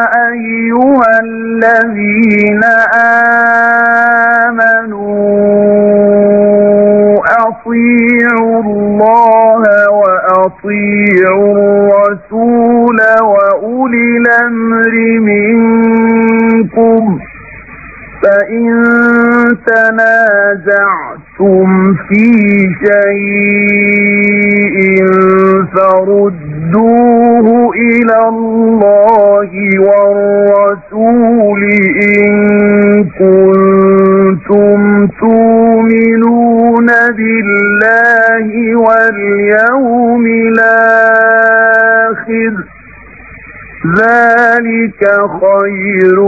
أيها الذين آمنوا أطيعوا الله وأطيعوا الرسول وأولي الأمر منكم فإن تنازعتم شككتم في شيء فردوه إلى الله والرسول إن كنتم تؤمنون بالله واليوم الآخر ذلك خير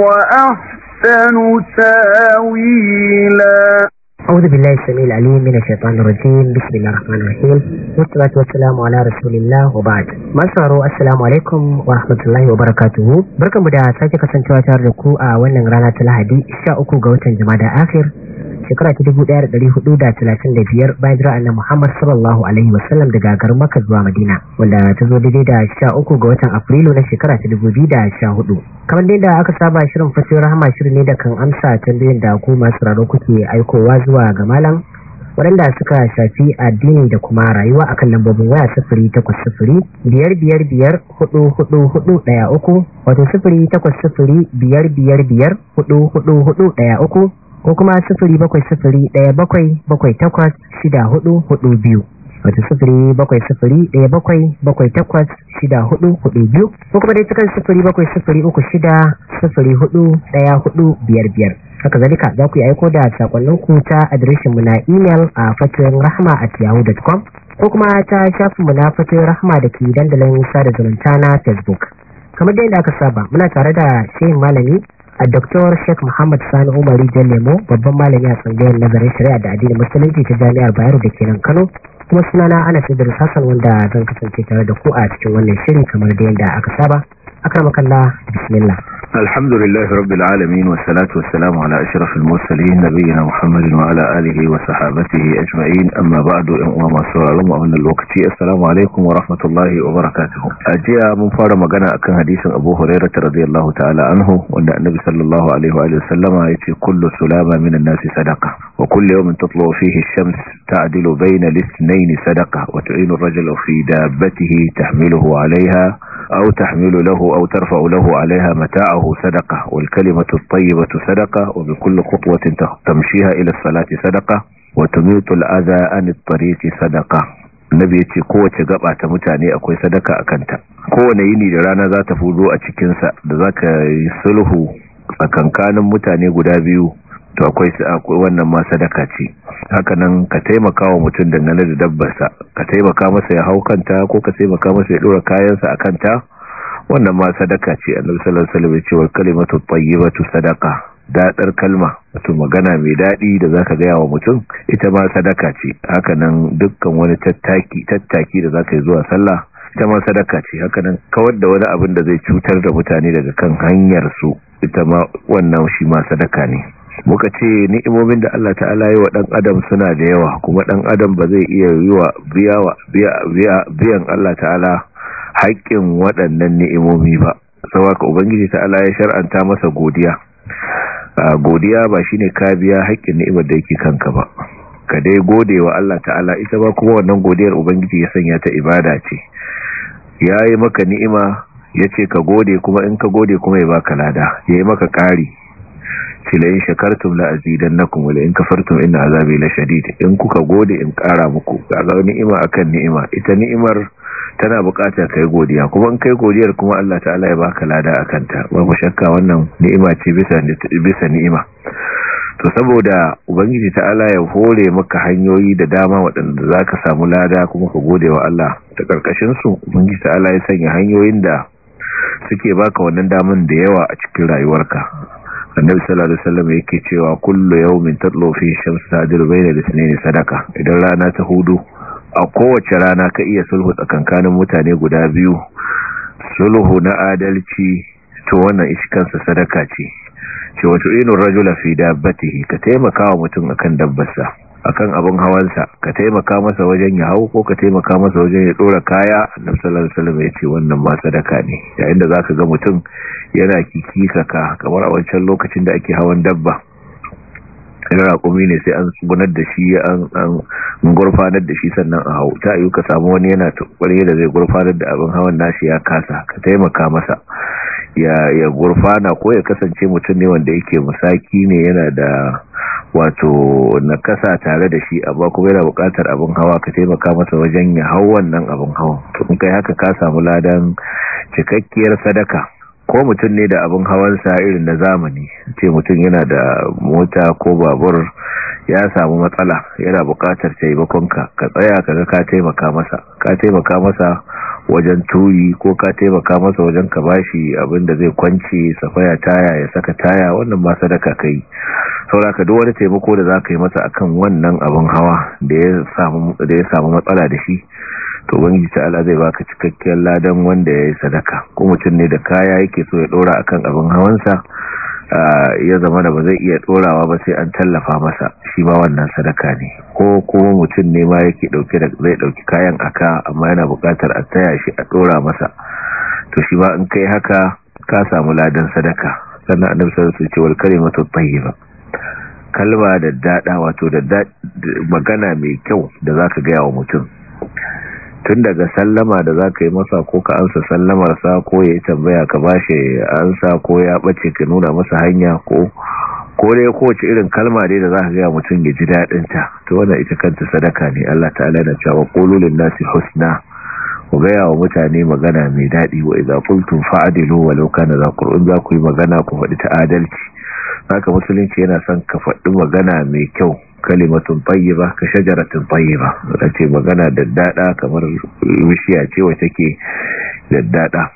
وأحسن تاويلا أعوذ بالله السميع العليم من الشيطان الرجيم بسم الله الرحمن الرحيم والصلاة والسلام على رسول الله وبعد ما سارو السلام عليكم ورحمة الله وبركاته barkanmu da sake kasancewa tare da ku a wannan rana ta Lahadi 13 ga watan Jumada akhir shekara ta dubu ɗaya da da da ɗari talatin biyar, bayan jira annabi Muhammad sallallahu alaihi wasallam daga garin maka zuwa Madina wanda ta zo daidai da sha uku ga watan Afrilu na shekara ta dubu biyu da sha hudu. kamar dai da aka saba shirin fasiyo rahama shirin ne da kan amsa tambayoyin da ko masu sauraro kuke aikowa zuwa ga malam waɗanda suka shafi addini da kuma rayuwa akan lambobin waya sifiri takwas sifiri biyar biyar biyar hudu hudu hudu ɗaya uku wato sifiri takwas sifiri biyar biyar biyar hudu hudu hudu ɗaya uku ko kuma sufuri bakwai sufuri ɗaya bakwai bakwai takwas shida hudu hudu biyu wata sufuri bakwai sufuri ɗaya bakwai bakwai takwas shida hudu hudu biyu ko kuma dai cikin sufuri bakwai sufuri uku shida sufuri hudu ɗaya hudu biyar biyar haka zai ka za ku yi aiko da sakonnin ku ta adireshin mu na imel a fatin rahama a tiyahu dot ko kuma ta shafin mu na fatin rahama da ke dandalin sada zumunta na facebook. kamar dai da aka saba muna tare da shehin malami a Dr. Sheikh Muhammad Sani umaru jan Lemo babban malami a tsangayar nazarin shari'a da addinin musulunci ta jami'ar Bayero da kenan Kano kuma sunana ana Idris sassan wanda zan kasance tare da ku a cikin wannan shirin kamar dai da aka saba akramakallah bismillah الحمد لله رب العالمين والصلاة والسلام على أشرف المرسلين نبينا محمد وعلى آله وصحابته أجمعين أما بعد أمام السلام ومن الوقت السلام عليكم ورحمة الله وبركاته أجيء من فارم قناة كان حديث أبو هريرة رضي الله تعالى عنه وأن النبي صلى الله عليه وآله وسلم يتي كل سلامة من الناس صدقة وكل يوم تطلع فيه الشمس تعدل بين الاثنين صدقة وتعين الرجل في دابته تحمله عليها أو تحمل له أو ترفع له عليها متاعه خطوته صدقة والكلمة الطيبة صدقة وبكل خطوة تمشيها إلى الصلاة صدقة وتميت الأذى عن الطريق صدقة annabi ya ce kowace gaɓa ta mutane akwai sadaka a kanta kowane yini da rana za ta fudo a cikinsa da za ka yi sulhu tsakankanin mutane guda biyu to akwai wannan ma sadaka ce hakanan ka taimaka wa mutum dangane da dabbarsa ka taimaka masa ya hau kanta ko ka taimaka masa ya dora kayansa a kanta wannan ma sadaka ce a sallallahu alaihi wasallam ya ce wal kalimatu tayyibatu sadaqa dadar kalma wato magana mai daɗi da zaka gaya wa mutum ita ma sadaka ce hakanan dukkan wani tattaki tattaki da zaka yi zuwa sallah ita ma sadaka ce hakanan kawar da wani abin da zai cutar da mutane daga kan hanyar su ita ma wannan shi ma sadaka ne muka ce ni'imomin da Allah ta'ala yi wa ɗan adam suna da yawa kuma ɗan adam ba zai iya yi wa biyan Allah ta'ala haƙƙin waɗannan ni'imomi ba saboda ubangiji ta Ala, ya shar'anta masa godiya godiya ba shine ka biya haƙƙin ni'imar da yake kanka ba ka dai gode wa Allah ta'ala ita ba kuma wannan godiyar ubangiji ya sanya ta ibada ce Ya yi maka ni'ima ya ce ka gode kuma in ka gode kuma ya ba ka lada ya yi maka ƙari cilayin shakartum la na wala in ka kafartum inna azabi la shadid in kuka gode in kara muku kaga ni'ima akan ni'ima ita ni'imar tana bukatar kai godiya kuma in kai godiyar kuma Allah ta'ala ya baka lada akan ta babu shakka wannan ni'ima ce bisa bisa ni'ima to saboda ubangiji ta'ala ya hore maka hanyoyi da dama waɗanda zaka samu lada kuma ka gode wa Allah ta karkashin su ubangiji ta'ala ya sanya hanyoyin da suke baka wannan daman da yawa a cikin rayuwarka annabi sallallahu alaihi wasallam yake cewa kullu yawmin tatlu fi shamsi sadir bayna lisnayn sadaka idan rana ta hudu a kowace rana ka iya sulhu tsakankanin mutane guda biyu sulhu na adalci to wannan iskansa sadaka ce ce wato inu rajula fi dabbatihi ka taimaka wa mutum akan dabbarsa akan abin hawansa ka taimaka masa wajen ya hau ko ka taimaka masa wajen ya dora kaya annabi sallallahu alaihi wasallam yace wannan ma sadaka ne yayin da za ka ga mutum yana kikika ka kamar a wancan lokacin da ake hawan dabba idan raƙumi ne sai an gunar da shi an gurfanar da shi sannan a hau ta yi ka samu wani yana tukwari da zai gurfanar da abin hawan nashi ya kasa ka taimaka masa ya gurfana ko ya kasance mutum ne wanda yake musaki ne yana da wato na kasa tare da shi abuwa kuma yana bukatar abin hawa ka taimaka masa wajen ya hau wannan abin hawan to in kai haka ka samu ladan cikakkiyar sadaka ko mutum ne da abin sa irin na zamani ce mutum yana da mota ko babur ya samu matsala yana bukatar taimakonka ka tsaya ka ga ka taimaka masa ka taimaka masa wajen tuyi ko ka taimaka masa wajen ka bashi abin da zai kwance safaya taya ya saka taya wannan ba sadaka kai sauraka duk wani taimako da za ka yi masa akan wannan abin hawa da ya samu matsala da shi to bangi ta'ala zai baka cikakken ladan wanda ya yi sadaka ko mutum ne da kaya yake so ya dora akan abin hawansa ya zama da ba zai iya dorawa ba sai an tallafa masa shi ba wannan sadaka ne ko kuma mutum ne ma yake dauke da zai dauki kayan aka amma yana bukatar a taya shi a dora masa to shi ba in kai haka ka samu ladan sadaka sannan annabi sallallahu alaihi wasallam ce wal kalimatu tayyiba kalma da dada wato da magana mai kyau da zaka ga yawa mutum tun daga sallama da za ka yi masa ko ka ansa sallamarsa ko ya yi tambaya ka ba shi ansa ko ya ɓace ka nuna masa hanya ko ko dai kowace irin kalma dai da za ka gaya mutum ya ji daɗinta to wannan ita kanta sadaka ne Allah ta'ala na cewa qululun nasi husna ku gaya wa mutane magana mai daɗi wa idza qultum wa lauka kana za qur'an za ku yi magana ku faɗi ta adalci haka musulunci yana son ka faɗi magana mai kyau kalimatun tayyiba ka shajaratin tayyiba ce magana da daddada kamar bishiya ce wacce take daddada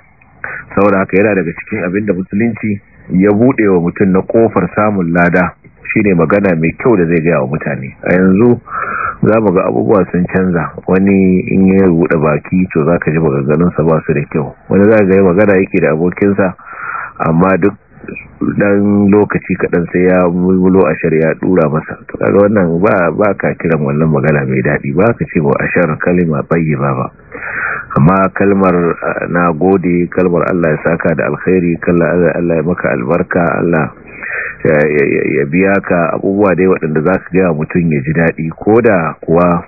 saboda haka yana daga cikin abin da musulunci ya bude wa mutum na kofar samun lada shine magana mai kyau da zai gaya wa mutane a yanzu za mu ga abubuwa sun canza wani in ya rubuta baki to za ka ji maganganunsa ba su da kyau wani za ga yi magana yake da abokinsa amma duk dan lokaci kaɗan sai ya mulmulo ashar ya dura masa to kaga wannan ba ba ka kiran wannan magana mai daɗi ba ka ce wa ashar kalima bayyi ba ba. amma kalmar na gode kalmar Allah ya saka da alkhairi kalla Allah ya maka albarka Allah ya biya ka abubuwa dai waɗanda za su gaya mutum ya ji daɗi ko da kuwa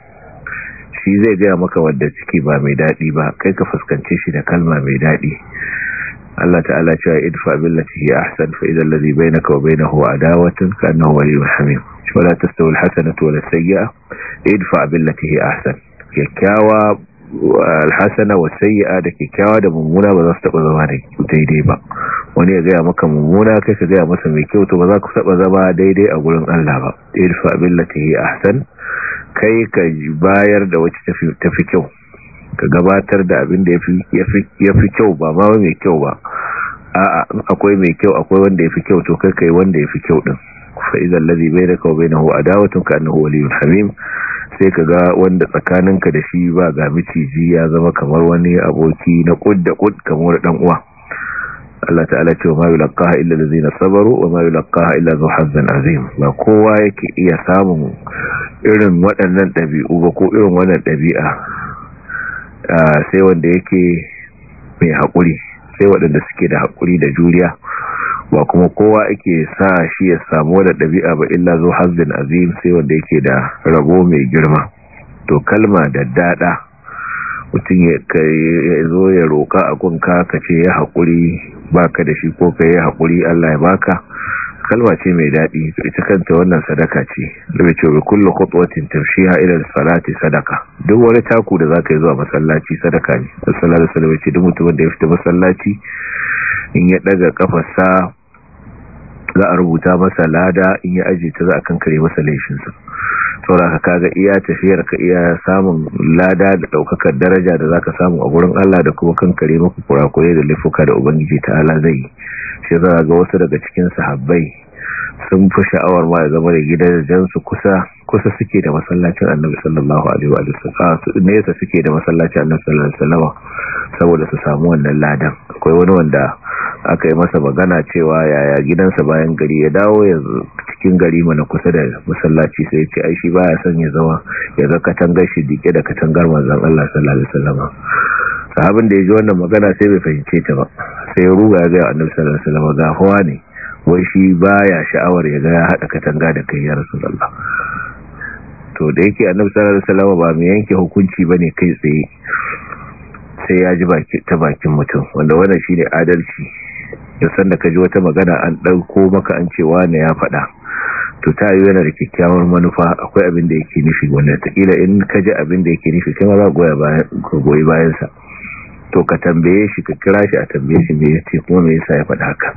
shi zai gaya maka wadda ciki ba mai daɗi ba kai ka fuskance shi da kalma mai daɗi Allah ta'ala cewa idfa billati hi ahsan fa idan alladhi bainaka wa bainahu adawatun ka annahu waliyyun hamim wala tastawi alhasanatu wala sayyi'a idfa billati hi ahsan kyakkyawa alhasana wa sayyi'a da kyakkyawa da mummuna ba za su taba zama daidai ba wani ya gaya maka mummuna kai ka gaya masa mai kyau to ba za ku taba zama daidai a gurin Allah ba idfa billati hi ahsan kai ka bayar da wacce tafi kyau ka gabatar da abin da ya fi kyau ba ma mai kyau ba a'a akwai mai kyau akwai wanda ya fi kyau to kai kai wanda ya fi kyau din fa bai ladhi bainaka wa bainahu adawatun ka annahu waliyyun hamim sai ka ga wanda tsakaninka da shi ba ga miciji ya zama kamar wani aboki na kud da kud kamar dan uwa Allah ta'ala ce ma yulqaha illa allazina sabaru wa ma yulqaha illa zu hazzan azim ba kowa yake iya samun irin waɗannan ɗabi'u ba ko irin wannan ɗabi'a sai wanda yake mai haƙuri sai waɗanda suke da haƙuri da juriya ba kuma kowa ake sa shi ya samu wadda ɗabi'a ba illa zo hasbin azim sai wanda yake da rabo mai girma to kalma da daɗa mutum ya zo ya roƙa a kunka ka ce ya haƙuri baka da shi ko ka yi haƙuri allah ya baka kalma ce mai daɗi to ita kanta wannan sadaka ce da ce wa kullu khutwatin tamshiha ila salati sadaka duk wani taku da zaka yi zuwa masallaci sadaka ne sallallahu alaihi wasallam ce duk mutumin da ya fita masallaci in ya daga kafarsa za a rubuta masa lada in ya aje ta za a kankare masa laifinsa ka kaga iya tafiyar ka iya samun lada da daukakar daraja da za ka samu a gurin Allah da kuma kan kare maka kurakure da laifuka da ubangiji ta ta'ala zai shi za ga wasu daga cikin sahabbai sun fi sha'awar ma ya zama da gidajen su kusa kusa suke da masallacin annabi sallallahu alaihi wa sallam ah, nesa suke da masallacin annabi sallallahu alaihi wa sallam saboda su samu wannan ladan akwai wani wanda aka yi masa magana cewa yaya gidansa bayan gari ya dawo yanzu cikin gari mana kusa da masallaci sai ya ce ai shi baya son ya zama ya ga katangar shi dike da katangar manzon Allah sallallahu alaihi wa sallam sahabin da ya ji wannan magana sai bai fahimce ta ba sai ya ruga ya ga annabi sallallahu alaihi wa sallam ga hawa ne wai shi baya sha'awar ya ga ya hada katanga da kai ya rasulullah to da yake annabi sallallahu alaihi wasallam ba mai yanke hukunci ba ne kai tsaye sai ya ji ta bakin mutum wanda wannan shine adalci da sanda ka ji wata magana an dauko maka an cewa na ya faɗa to ta yi yana da kyakkyawar manufa akwai abin da yake nufi wanda takila in ka ji abin da yake nufi kai ma za ka goyi bayansa to ka tambaye shi ka kira shi a tambaye shi me yace kuma me yasa ya faɗa haka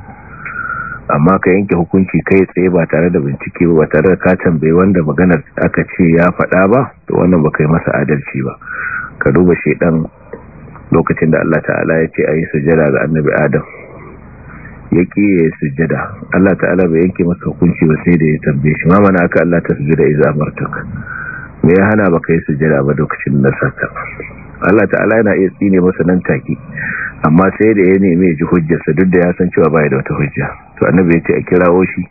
amma ka yanke hukunci kai tsaye ba tare da bincike ba tare da ka tambayi wanda maganar aka ce ya faɗa ba to wannan ba kai masa adalci ba ka duba shedan lokacin da Allah ta'ala ya ce a yi sujada ga annabi adam ya ƙiye sujada Allah ta'ala bai yanke masa hukunci ba sai da ya tambaye shi ma mana aka Allah ta sujada iza amartaka me ya hana ka yi sujada ba lokacin da saka Allah ta'ala yana iya tsine masa nan take amma sai da ya nemi ya ji hujjarsa duk da ya san cewa bai da wata hujja to annabi ya ce a kirawo shi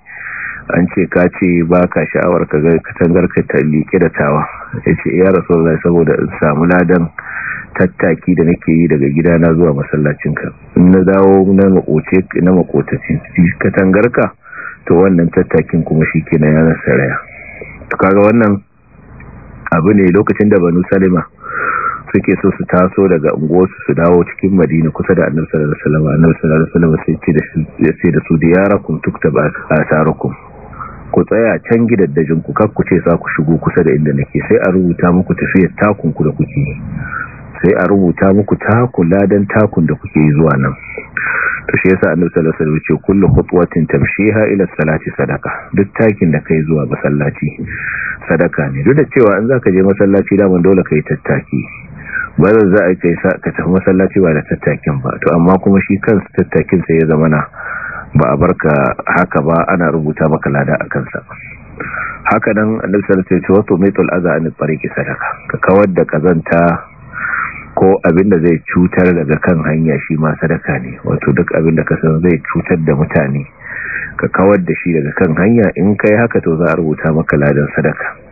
an ce ka ce ba ka sha'awar ka ga katangar ka ta liƙe tawa ya ce ya zai saboda in samu ladan tattaki da nake yi daga gidana zuwa masallacinka in na dawo na makoce na makotaci katangar ka to wannan tattakin kuma shi ke na yanar saraya to kaga wannan abu ne lokacin da banu salima suke so su taso daga unguwarsu su dawo cikin madina kusa da annabi sallallahu alaihi wasallam annabi sallallahu alaihi wasallam sai ya ce da su diyarakum tuktab ku tsaya can gidaddajin ku kar ku ce za ku shigo kusa da inda nake sai a rubuta muku tafiyar takun ku da kuke sai a rubuta muku takun ladan takun da kuke zuwa nan to shi yasa annabi sallallahu alaihi wasallam ce kullu khutwatin tamshiha ila salati sadaka duk takin da kai zuwa masallaci sadaka ne duk da cewa in zaka je masallaci da dole kai tattaki ba zan za a sa ka tafi masallaci ba da tattakin ba to amma kuma shi kansa tattakin sai ya zama na ba a barka haka ba ana rubuta maka lada a kansa haka nan annabi sallallahu alaihi wasallam wato maitul an tariqi sadaka ka kawar da kazanta ko abin da zai cutar daga kan hanya shi ma sadaka ne wato duk abin da ka san zai cutar da mutane ka kawar da shi daga kan hanya in kai haka to za a rubuta maka ladan sadaka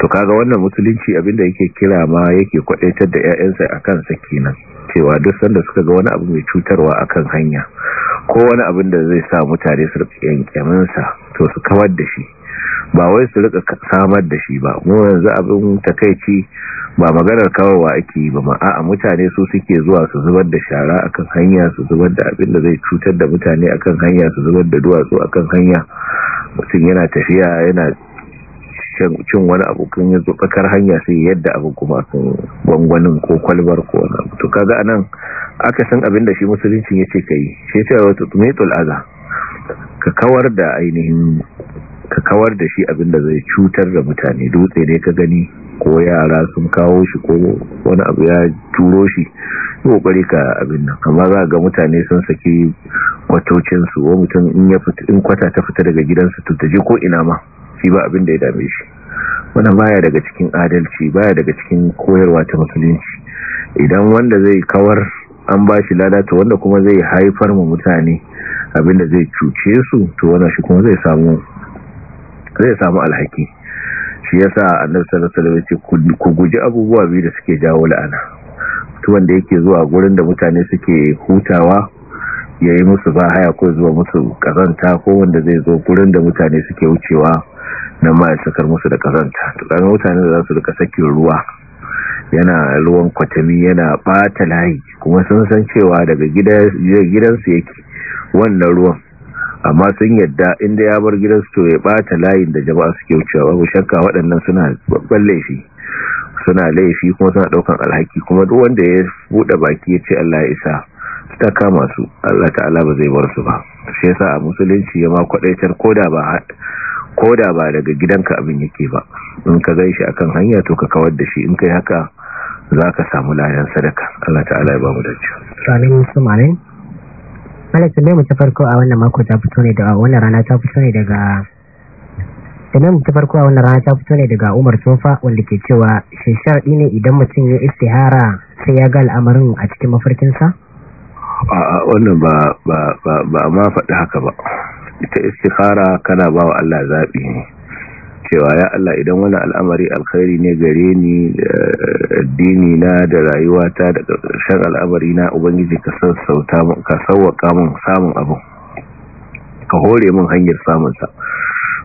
to kaga wannan musulunci abinda yake kira ma yake kwadaitar da ƴaƴansa akan sa kenan cewa duk sanda suka ga wani abu mai cutarwa akan hanya ko wani abin da zai sa mutane su rika yankemin sa to su kawar da shi ba wai su rika samar da shi ba mu yanzu abin takeici ba maganar kawowa ake yi ba ma a'a mutane su suke zuwa su zubar da shara akan hanya su zubar da abin da zai cutar da mutane akan hanya su zubar da duwatsu akan hanya mutum yana tafiya yana cin wani abu kan yanzu tsakar hanya sai yadda abu kuma sun gwangwanin ko kwalbar ko wani abu to kaga anan aka san abin da shi musulunci ya ce kai shi ce wata tumetul aza ka kawar da ka kawar da shi abin da zai cutar da mutane dutse ne ka gani ko yara sun kawo shi ko wani abu ya turo shi kokari ka abin nan amma za ga mutane sun saki kwatocinsu wa mutum in kwata ta fita daga gidansu to ta je ko ina ma shi ba abin da ya dame shi wannan baya daga cikin adalci baya daga cikin koyarwa ta musulunci idan wanda zai kawar an ba shi ladata wanda kuma zai haifar mu mutane abin da zai cuce su to wannan shi kuma zai samu zai samu alhaki shi yasa annabi sallallahu alaihi wasallam ya ku guji abubuwa biyu da suke jawo la'ana to da yake zuwa gurin da mutane suke hutawa ya yi musu ba haya ko zuwa musu kazanta ko wanda zai zo gurin da mutane suke wucewa na ma sakar musu da kazanta tukarar mutane da za su rika sakin ruwa yana ruwan kwatami yana bata layi kuma sun san cewa daga gidansu yake wannan ruwan amma sun yadda inda ya bar gidansu to ya bata layin da jama'a suke wucewa babu shakka waɗannan suna babban laifi suna laifi kuma suna ɗaukan alhaki kuma duk wanda ya buɗe baki ya ce Allah ya isa ta kama su Allah ta'ala ba zai bar su ba shi yasa a musulunci ya ma kwadaitar koda ba koda ba daga gidanka abin yake ba in ka gaishe akan hanya to ka kawar da shi in kai haka zaka samu layan sadaka Allah ta'ala ya ba mu dace sanin musulmanin malakin ne mu ta farko a wannan mako ta fito ne da wannan rana ta fito ne daga sannan ta farko a wannan rana ta fito ne daga umar tofa wanda ke cewa shin shar'i ne idan mutum ya istihara sai ya ga al'amarin a cikin mafarkinsa a wannan ba ba ba ma faɗi haka ba ita istikhara kana ba wa Allah zaɓi ne cewa ya Allah idan wani al'amari alkhairi ne gare ni addini na da rayuwata da ƙarshen al'amari na ubangiji ka sassauta mun samun abin ka hore mun hanyar samun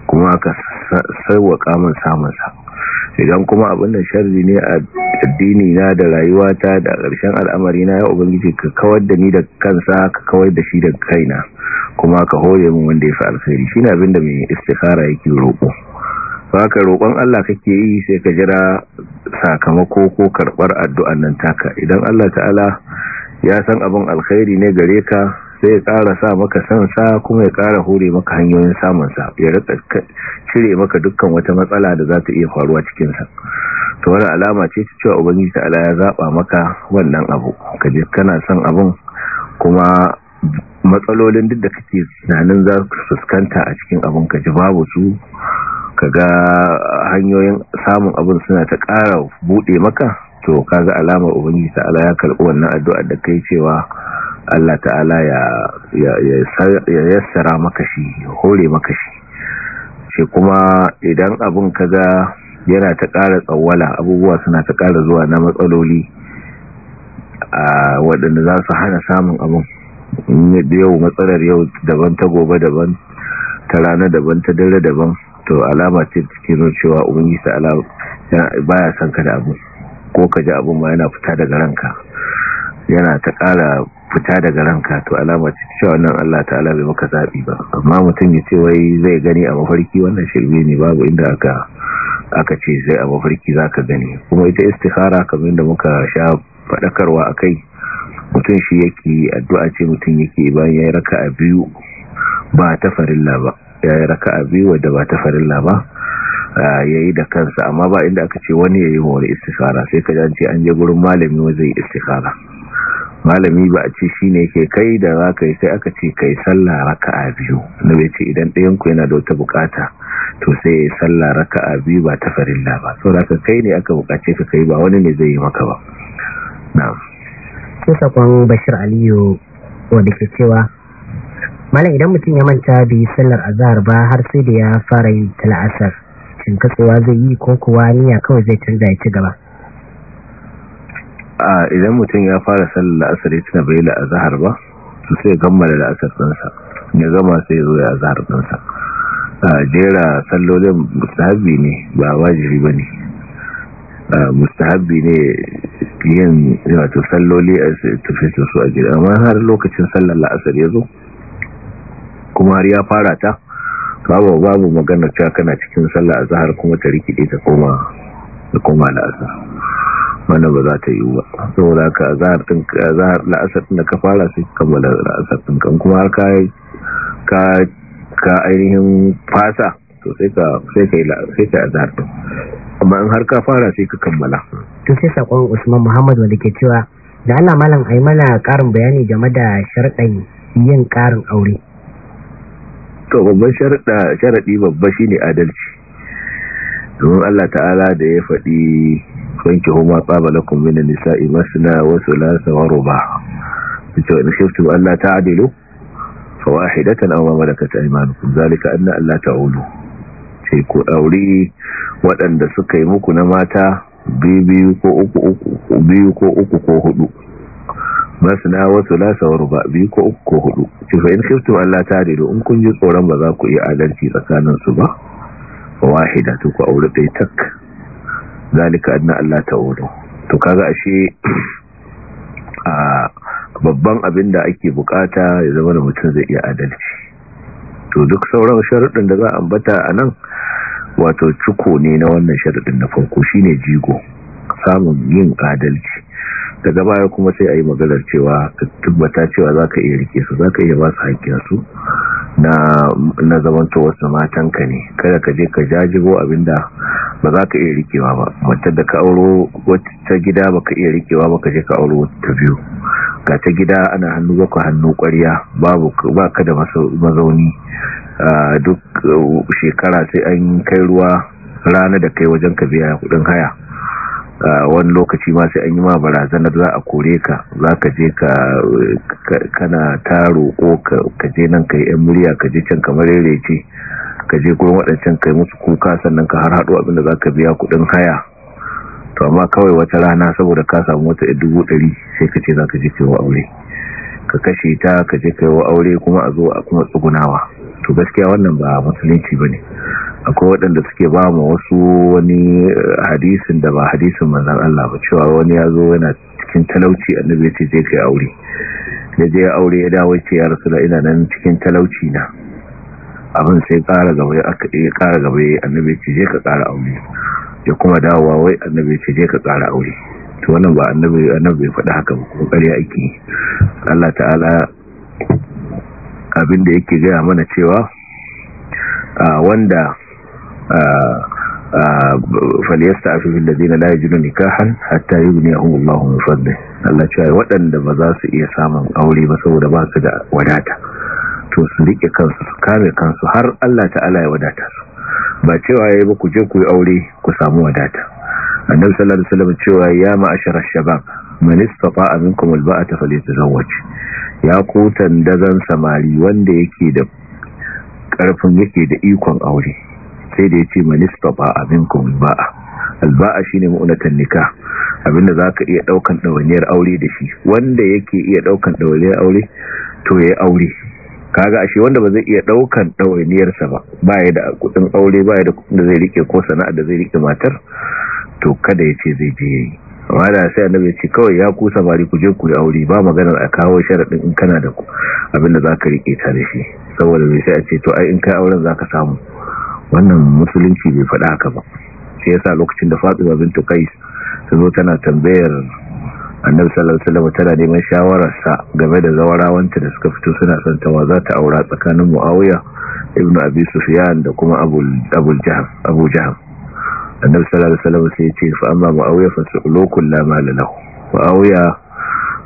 kuma ka sawwaka mun samun sa idan kuma abin da sharri ne a addini na da rayuwata da ƙarshen al'amari na ya ubangiji ka kawar da ni da kansa ka kawar da shi da kaina kuma ka hore min wanda ya fi alkhairi shine abin da mai istikhara yake roƙo ba ka roƙon Allah kake yi sai ka jira sakamako ko karɓar addu'an nan taka idan Allah ta'ala ya san abin alkhairi ne gare ka sai ya ƙara sa maka sansa kuma ya kara hore maka hanyoyin samunsa ya rika cire maka dukkan wata matsala da za ta iya faruwa cikinsa to wani alama ce ta cewa ubangiji ta'ala ya zaɓa maka wannan abu ka je kana son abin kuma matsalolin duk da kake tunanin za ka fuskanta a cikin abin ka ji babu su ka ga hanyoyin samun abin suna ta kara buɗe maka to kaga alamar ta ala ya karɓi wannan addu'ar da kai cewa Allah ta'ala ya yassara maka shi ya hore maka shi shi kuma idan abin kaga yana ta ƙara tsawala, abubuwa suna ta ƙara zuwa na matsaloli a waɗanda za su hana samun abin yau matsalar yau daban ta gobe daban ta rana daban ta dare daban to alama ce cikin cewa umarni ta alama baya son ka da abu. ko ka ji abin ma yana fita daga ranka yana ta kara fita daga ranka to alama ce cewa wannan Allah ta'ala bai maka zaɓi ba amma mutum ya ce wai zai gani a mafarki wannan shirme ne babu inda aka aka ce sai a mafarki zaka gani kuma ita istihara kamar da muka sha fadakarwa kai mutum shi yake addu'a ce mutum yake bayan raka raka'a biyu ba ta farilla ba yayi raka'a biyu da ba ta farilla ba yayi da kansa amma ba inda aka ce wani yayi wani istikhara sai ka ji an je gurin malami wazai zai istikhara malami ba a ce shi ne ke kai da za ka yi sai aka ce kai sallah raka'a biyu na bai ce idan ɗayanku yana da wata bukata to sai ya yi sallah raka'a biyu ba ta farilla ba sau da kai ne aka bukace ka kai ba wani ne zai yi maka ba na sakon bashir aliyu wadda ke cewa malam idan mutum ya manta da yi sallar azahar ba har sai da ya fara yi tala'asar la'asar zai yi ko kuwa niya kawai zai canza ya ci gaba idan mutum ya fara sallar la'asar ya tuna bai la'azahar ba sai gammala da asar sansa ya gama sai zo ya azahar sansa jera sallolin mustahabi ne ba wajibi ba ne mustahabi ne yin wato salloli a tafi su a gida amma har lokacin sallar la'asar ya zo kuma har ya fara ta babu babu maganar cewa kana cikin sallar azahar kuma ta rikide ta koma da koma la'asar mana ba za ta yi ba saboda ka zahar la'asar da ka fara sai kammala la'asar ɗin kan kuma har ka ainihin fasa to sai ka yi azahar ɗin amma in har ka fara sai ka kammala tun sai saƙon usman muhammad wanda ke cewa da ana malam a yi mana ƙarin bayani game da sharɗan yin ƙarin aure to babban sharaɗi babba ne adalci domin allah ta'ala da ya faɗi fankihu ma tsaba lakum min an-nisa'i masna wa thulatha wa ruba' yace in khiftum alla ta'dilu fawahidatan aw ma malakat aymanukum zalika anna alla ta'ulu Sai ku aure waɗanda suka yi muku na mata biyu ko uku uku biyu ko uku ko hudu masna wa thulatha wa ruba' biyu ko uku ko hudu ce fa in khiftum alla ta'dilu in kun ji tsoron ba za ku iya adalci tsakanin su ba wahida to ku aure dai tak zalika adna Allah ta'ala to kaga ashe a babban abin da ake bukata ya zama da mutum zai iya adalci to duk sauran sharuɗin da za a ambata a nan wato cuko ne na wannan sharuɗin na farko shine jigo samun yin adalci daga baya kuma sai a yi maganar cewa tabbata cewa za ka iya rike su za ka iya ba su haƙƙinsu na zamanta wasu matan ka ne kada ka je ka jajibo abinda ba za ka iya rikewa ba mata da ka auro wata gida ba ka iya rikewa ba ka je ka auro wata biyu ga ta gida ana hannu baka hannu babu ba ka da mazauni duk uh, shekara sai an kai ruwa rana da kai wajen ka biya kudin haya wani lokaci ma sai an yi ma barazanar za a kore ka za ka je ka kana ta roƙo ka je nan ka yi ‘yan murya ka je can kamar rerece ka je kuma waɗancan ka yi musu kuka sannan ka har haɗu abinda za ka biya kuɗin haya to amma kawai wata rana saboda ka samu wata dubu ɗari sai ka ce za ka je ka yi aure ka kashe ta ka je ka yi aure kuma a zo a kuma tsugunawa to gaskiya wannan ba musulunci ba ne akwai waɗanda suke ba mu wasu wani eh, hadisin da ba hadisin manzan Allah ba cewa wani ya zo yana cikin talauci annabi ya ce zai kai aure da je aure ya dawo ce ya rasu ina nan cikin talauci na abin sai kara gaba ya kara gaba ya annabi ce zai ka kara aure ya kuma dawowa wai annabi ce zai ka kara aure to wannan ba annabi annabi faɗi haka ba kuma ƙarya ake Allah ta'ala abin da yake gaya mana cewa ah, wanda faliyasta afifin da zina laye jino nikahan hatta yi ne Allah Allah cewa waɗanda ba za su iya samun aure ba saboda ba su da wadata to su riƙe kansu su kame kansu har Allah ta'ala ya wadata su ba cewa ya yi ba ku je ku yi aure ku samu wadata annabi sallallahu alaihi wasallam cewa ya ma'ashara shabab man istata'a minkum alba'ata falyatazawwaj ya kutan dazan samari wanda yake da karfin yake da ikon aure sai da ya ce manista ba abin kun ba'a alba'a shine mu'unatan nika abinda zaka iya daukan dawaniyar aure da shi wanda yake iya daukan dawaniyar aure to ya aure kaga ashe wanda ba zai iya daukan dawaniyar sa ba baya da kudin aure baya da kudin da zai rike ko sana'a da zai rike matar to kada ya ce zai je yayi da sai annabi ya ce kawai ya kusa bari ku je ku yi aure ba maganar a kawo sharadin in kana da ku abinda zaka rike ta da shi saboda bai sai a ce to ai in kai auren zaka samu wannan musulunci bai faɗa haka ba shi yasa lokacin da fatima bintu qais ta zo tana tambayar annabi sallallahu alaihi wasallam tana neman shawararsa game da zawarawanta da suka fito suna son wa za ta aura tsakanin muawiya Ibn abi sufyan da kuma Abu Abu jahm abu jahm annabi sallallahu alaihi wasallam sai ya ce fa amma muawiya fa su'lukul la mal muawiya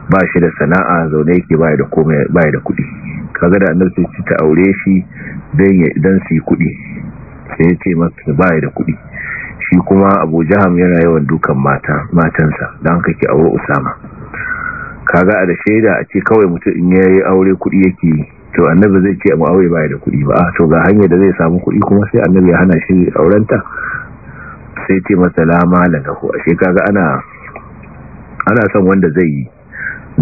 ba shi da sana'a zaune yake ba da komai ba da kuɗi kaga da annabi sai ta aure shi dan dan su kuɗi sai ya ce masa ba da kuɗi shi kuma abu jiham yana yawan dukan matansa don kake ke usama kaga da shaida a ce kawai mutum in ya yi aure kuɗi yake yi to annabi zai ce mu aure baya da kuɗi ba ah, to ga hanyar da zai samu kuɗi kuma sai annabi ya hana shi aurenta sai ce masa la mala lahu ashe kaga ana ana son wanda zai yi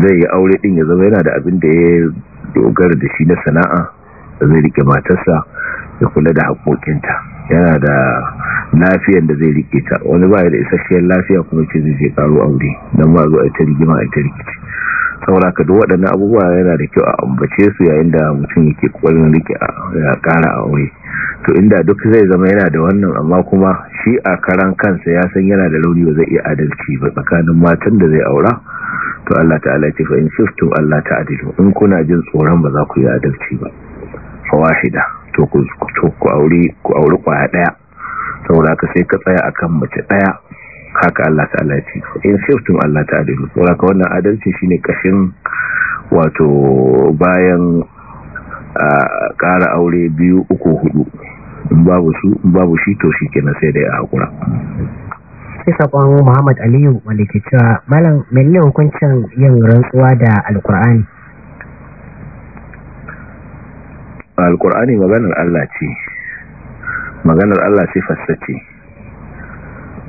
zai yi aure din ya zama yana da abin da ya dogara da shi na sana'a da zai rike matarsa ya kula da haƙoƙinta yana da lafiyan da zai rike ta wani ba da isasshiyar lafiya kuma ce zai karo aure don ba zuwa ita rigima ita rikici saboda ka duk waɗannan abubuwa yana da kyau a ambace su yayin da mutum yake kwallon rike a ƙara aure to inda duk zai zama yana da wannan amma kuma shi a karan kansa ya san yana da launi ba zai iya adalci ba tsakanin matan da zai aura to Allah ta'ala ce fa in shiftum Allah ta'dilu in kuna jin tsoron ba za ku yi adalci ba fawahida to ku aure ku aure kwaya daya saboda ka sai ka tsaya akan mace daya haka Allah ta'ala ce in tun Allah ta'dilu saboda ka wannan adalci shine kashin wato bayan ƙara aure biyu uku hudu babu su babu shi to shi kenan sai dai a hakura sai sakon Muhammad Aliyu wanda ke cewa malam menene hukuncin yin rantsuwa da Alkur'ani alkur'ani maganar Allah ce maganar Allah sifarsa ce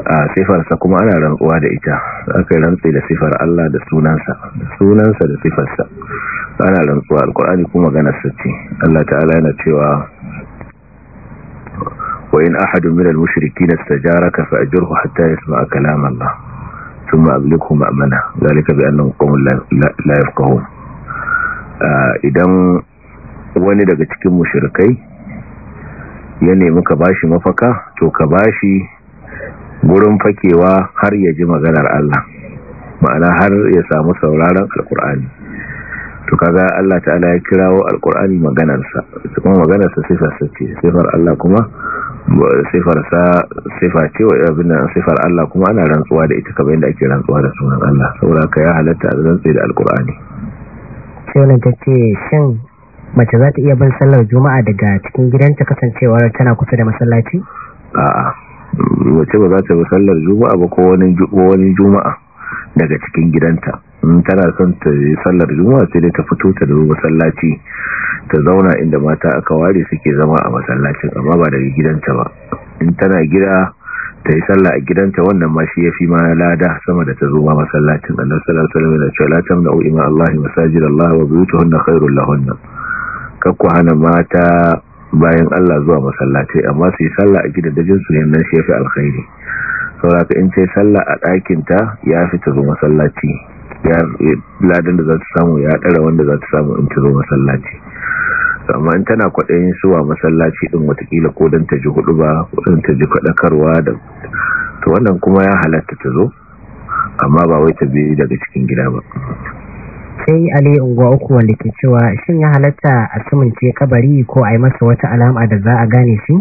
a sifarsa kuma ana rantsuwa da ita aka rantsi da sifar Allah da sunansa da sunansa da sifarsa ana rantsuwa alkur'ani kuma maganarsa ce Allah ta'ala yana cewa wa in ahadun minal mushrikin istajaraka fa a hatta yasma'a kalam Allah thumma ablighu ma'mana zalika bi annan qawmun la idan wani daga cikin mushrikai ya nemi ka bashi mafaka to ka bashi gurin fakewa har ya ji maganar Allah ma'ana har ya samu sauraron alkur'ani to kaga Allah ta'ala ya kirawo alkur'ani maganarsa kuma maganarsa sifarsa ce sifar Allah kuma sifarsa sifa ce wa abin nan sifar Allah kuma ana rantsuwa da ita kamar yadda ake rantsuwa da sunan Allah saboda ka ya halatta a rantsi da alkur'ani sai wannan tace shin mace za ta iya bin sallar juma'a daga cikin gidanta kasancewa tana kusa da masallaci a'a mace ba za ta bi sallar juma'a ba ko wani juma'a daga cikin gidanta in tana son ta yi sallar juma'a sai dai ta fito ta zo masallaci ta zauna inda mata aka ware suke zama a masallacin amma ba daga gidanta ba in tana gida ta yi sallah a gidanta wannan ma shi ya ma lada sama da ta zo ma masallacin annabi sallallahu alaihi sallam da cewa la tamna'u ima Allah masajid Allah wa buyutuhunna khairul lahunna kakku hana mata bayan Allah zuwa masallaci, amma su yi sallah a gidan dajin su yannan shi yafi alkhairi sauraka in ce sallah a ɗakinta ya fi ta zo masallaci ya ladan da za ta samu ya ɗara wanda za ta samu in ta zo masallaci amma in tana kwaɗayin suwa masallaci ɗin watakila ko dan ta ji hudu ba ko don ta ji kwaɗakarwa da to wannan kuma ya halatta ta zo amma ba wai ta biyu daga cikin gida ba sai ali unguwa uku wanda ke cewa shin ya halatta a sumunce kabari ko a yi masa wata alama da za a gane shi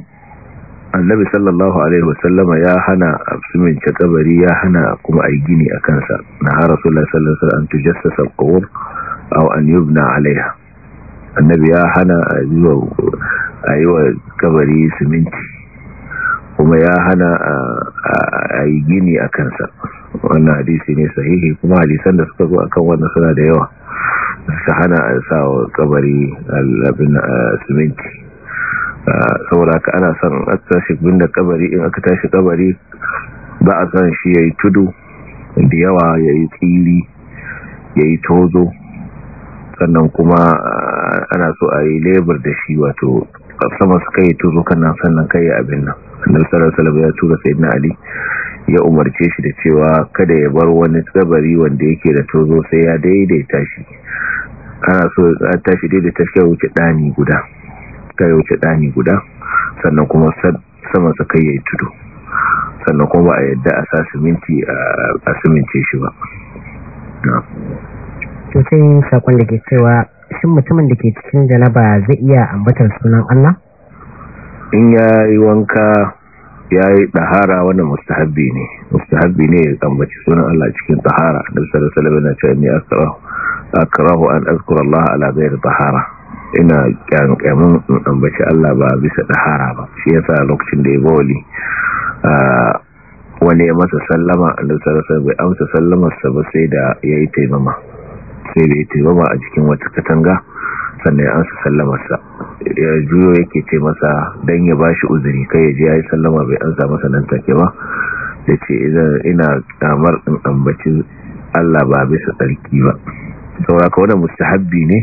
annabi sallallahu alaihi wasallama ya hana a sumunce kabari ya hana kuma a yi gini a kansa na har rasulullah sallallahu alaihi wasallam tujassasa qubur aw an alaiha annabi ya hana a yi wa kabari siminti kuma ya hana a yi gini a kansa wannan hadisi ne sahihi kuma hadisan da suka zo akan wannan suna da yawa su hana a sa wa kabari alabin eh, siminti eh, saboda ka ana son a tashi binne kabari in aka tashi kabari ba a son shi ya yi tudu da yawa ya yi tsiri ya yi tozo sannan kuma eh, ana so a yi da shi wato sama su kai tuzo nan sannan kai abin nan annabi sallallahu ya tura na ali ya umarce shi da cewa kada ya bar wani tsabari wanda yake da tozo sai ya daidaita shi ana so ya tashi daidaita shi ya wuce dani guda ka ya wuce dani guda sannan kuma sama su kai ya yi tudu sannan kuma a yadda a sa siminti a siminti shi ba to sakon da ke cewa shin mutumin da ke cikin janaba zai iya ambatar sunan Allah in ya yi wanka ya yi ɗahara wannan mustahabbi ne mustahabbi ne ya ambaci sunan Allah cikin tahara da sallallahu alaihi wasallam ni akrahu akrahu an azkura Allah ala bayar tahara ina kyankamin in Allah ba bisa ɗahara ba shi ya sa lokacin da ya boli wani ya masa sallama da sarar alaihi bai amsa sallamarsa ba sai da yayi taimama sai da ya taimama a cikin wata katanga sannan an su sallamarsa ya juyo yake ce masa don ya ba shi uzuri kai ya je ya yi sallama bai ansa masa nan take ba da ce ina damar in ambaci Allah ba bisa tsarki ba saura ka wadda mustahabbi ne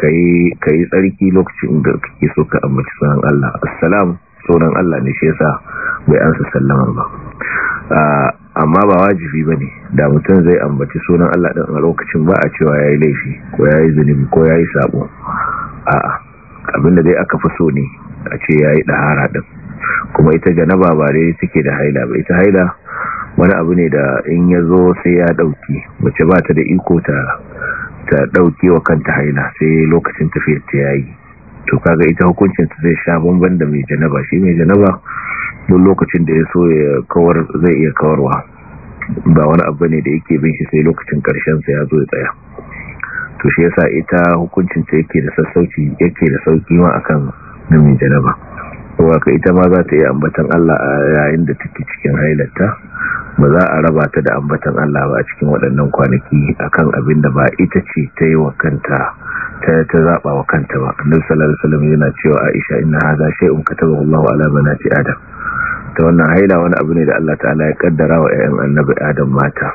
ka yi tsarki lokacin da kake so ka ambaci sunan Allah assalamu tsoron Allah ne shi yasa bai ansa sallamar ba amma ba wajibi ba ne da mutum zai ambaci sunan Allah ɗin a lokacin ba a cewa yayi laifi ko yayi yi zunubi ko ya yi sabo a'a da dai aka fi so ne a ce ya yi ɗahara ɗin kuma ita janaba ba dai take da haila ba ita haila wani abu ne da in ya zo sai ya ɗauki mace ba ta da iko ta ta ɗauke wa kanta haila sai lokacin tafiyar ta yayi to kaga ita hukuncin ta zai sha bamban da mai janaba shi mai janaba duk lokacin da ya so ya kawar zai iya kawarwa ba wani abu ne da yake bin shi sai lokacin karshen sa ya zo ya tsaya to shi yasa ita hukuncin ta yake da sassauci yake da sauki ma akan mai janaba waka ita ma za ta yi ambatan Allah a yayin da take cikin hailarta ba za a raba ta da ambatan Allah ba a cikin waɗannan kwanaki akan abin da ba ita ce ta yi wa kanta ta zaba wa kanta ba annabi sallallahu alaihi wasallam yana cewa Aisha inna hadha shay'un katabahu Allahu ala banati Adam ta wannan haila wani abu ne da Allah ta'ala ya kaddara wa ƴaƴan annabi Adam mata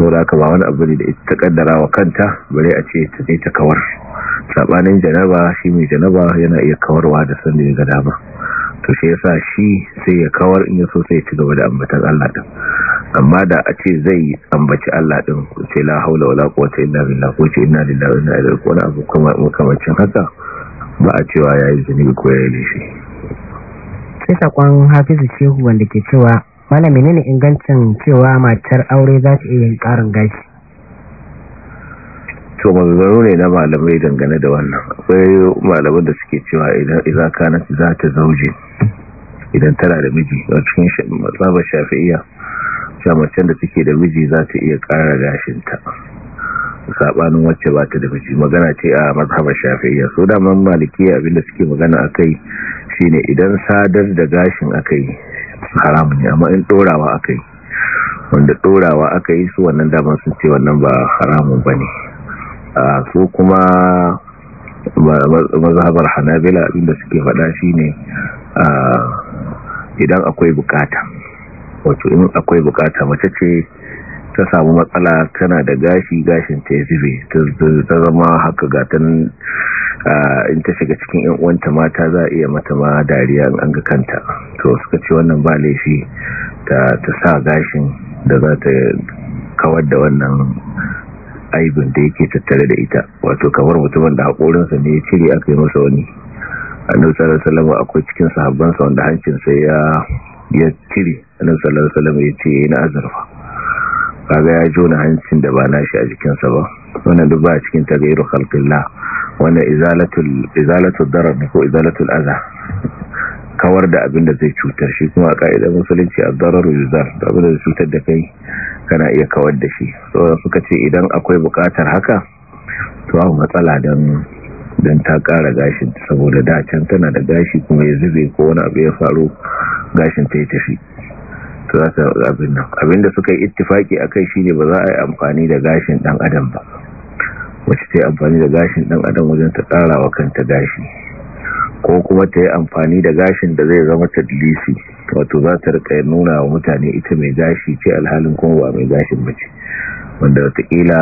saboda haka ba wani abu ne da ita ta kaddara wa kanta bare a ce ta je ta kawar sabanin janaba shi mai janaba yana iya kawarwa da sanda ya ga dama to shi yasa shi sai ya kawar in yaso sai ya ci gaba da ambatan Allah din amma da a ce zai ambaci Allah din ku ce la haula wala quwwata illa billah ko ce inna lillahi wa inna ilaihi raji'un abu kuma makamacin haka ba a cewa yayi zunubi ko yayi laifi. sai sakon Hafizu Shehu wanda ke cewa malamin ne ingancin cewa matar aure za ta iya yin karin gashi to manzaro ne na malamai dangane da wannan akwai malaman da suke cewa idan kana za ta zauje idan tana da miji a cikin matsaba shafi'iya macen da take da miji za ta iya kara gashinta sabanin wacce ba ta da miji magana ce a matsaba shafi'iya so da man malikiya abinda suke magana a akai shine idan sadar da gashin a kai haramun ne amma in dorawa akai wanda dorawa yi su wannan daman sun ce wannan ba haramun ba ne. su kuma mazhabar hanabila abinda suke faɗa ne, idan akwai bukata wato in akwai bukata mace ce ta samu matsala tana da gashi gashin ta zube ta zama haka gatan in ta shiga cikin yan uwanta mata za a iya mata ma dariya an ga kanta to suka ce wannan ba laifi ta sa gashin da za ta kawar da wannan aibin da yake tattare da ita wato kamar mutumin da haƙorinsa ne ya cire aka yi masa wani annabi sallallahu alaihi akwai cikin sahabbansa wanda hancinsa ya ya cire annabi sallallahu alaihi wasallam ya ce yana eh, azurfa kaga ya jona hancin da ba na shi a jikinsa ba wannan duk ba cikin tagayyur khalqillah wannan izalatul izalatul darar ko izalatul adha kawar da abin da zai cutar shi kuma a ka'idar musulunci a zarar yuzar da abin da zai cutar da kai kana iya kawar da shi sauran suka ce idan akwai bukatar haka to abu matsala don don ta kara gashin saboda dacen tana da gashi kuma ya zube ko wani abu ya faru gashin ta yi tafi to za ta abin nan Abin da suka yi ittifaki a kai shine ba za a yi amfani da gashin dan adam ba wacce ta yi amfani da gashin ɗan adam wajen ta tsara wa kanta gashi ko kuma ta yi amfani da gashin da zai zama tadlisi wato za ta rika nuna wa mutane ita mai gashi ce alhalin kuma ba mai gashin mace wanda wataƙila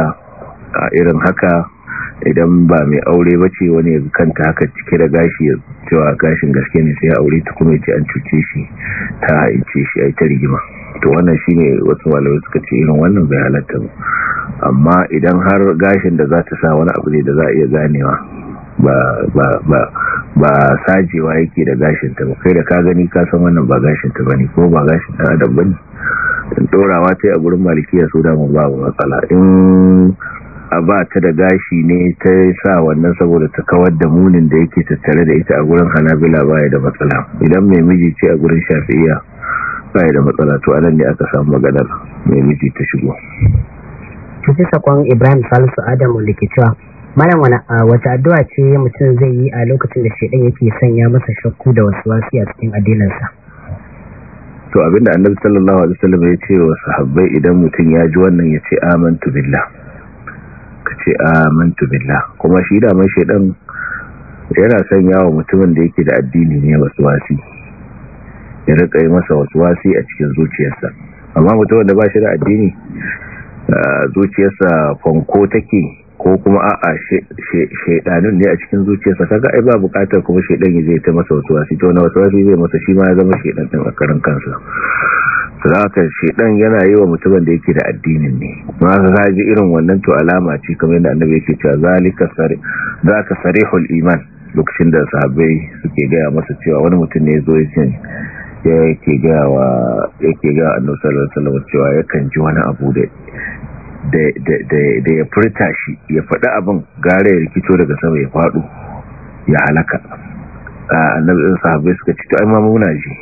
a irin haka idan ba mai aure ba ce wani kanta haka cike da gashi ya cewa gashin gaske ne sai aure ta kuma ce an cuce shi ta haice shi a ita rigima to wannan shi ne wasu malamai suka ce irin wannan bai halatta amma idan har gashin da za ta sa wani abu ne da za a iya ganewa ba sajewa yake da gashinta ba kai da ka gani kasan wannan ba gashinta ba ne ko ba gashin ɗan adam ba ne ɗorawa ta yi a gurin malikiya su ba babu matsala in a ba ta da gashi ne ta yi sa wannan saboda ta kawar da munin da yake tattare da ita a gurin hanabila baya da matsala idan mai miji ce a gurin ba baya da matsala to anan ne aka samu maganar mai miji ta shigo. Cikin sakon Ibrahim Salisu Adamu likita. malam wani wata addu'a ce mutum zai yi a lokacin da shedan yake sanya masa shakku da wasu wasi a cikin addininsa to abinda annabi sallallahu alaihi wasallam ya ce wa sahabbai idan mutum ya ji wannan ya ce amantu billah ka ce amantu billah kuma shi da mai shedan yana sanya wa mutumin da yake da addini ne wasu wasi ya rika yi masa wasu wasi a cikin zuciyarsa amma mutumin da ba shi da addini zuciyarsa fanko take ko kuma a'a shaidanun ne a cikin zuciyarsa kaga ai ba bukatar kuma shaidan zai ta masa wasu wasu to na wasu wasu zai masa shi ma ya zama shaidan din a karan kansa ka shaiɗan yana yi wa mutumin da yake da addinin ne ma ka ji irin wannan to alama ce kamar yadda annabi yake cewa zalika ka zaka hul iman lokacin da sahabbai suke gaya masa cewa wani mutum ne zo yace yake gaya wa yake annabi sallallahu alaihi wasallam cewa yakan ji wani abu da da ya furta shi ya faɗi abin gara ya rikito daga sama ya faɗo ya halaka annabi ɗin sahabai suka ci ai mamuna ji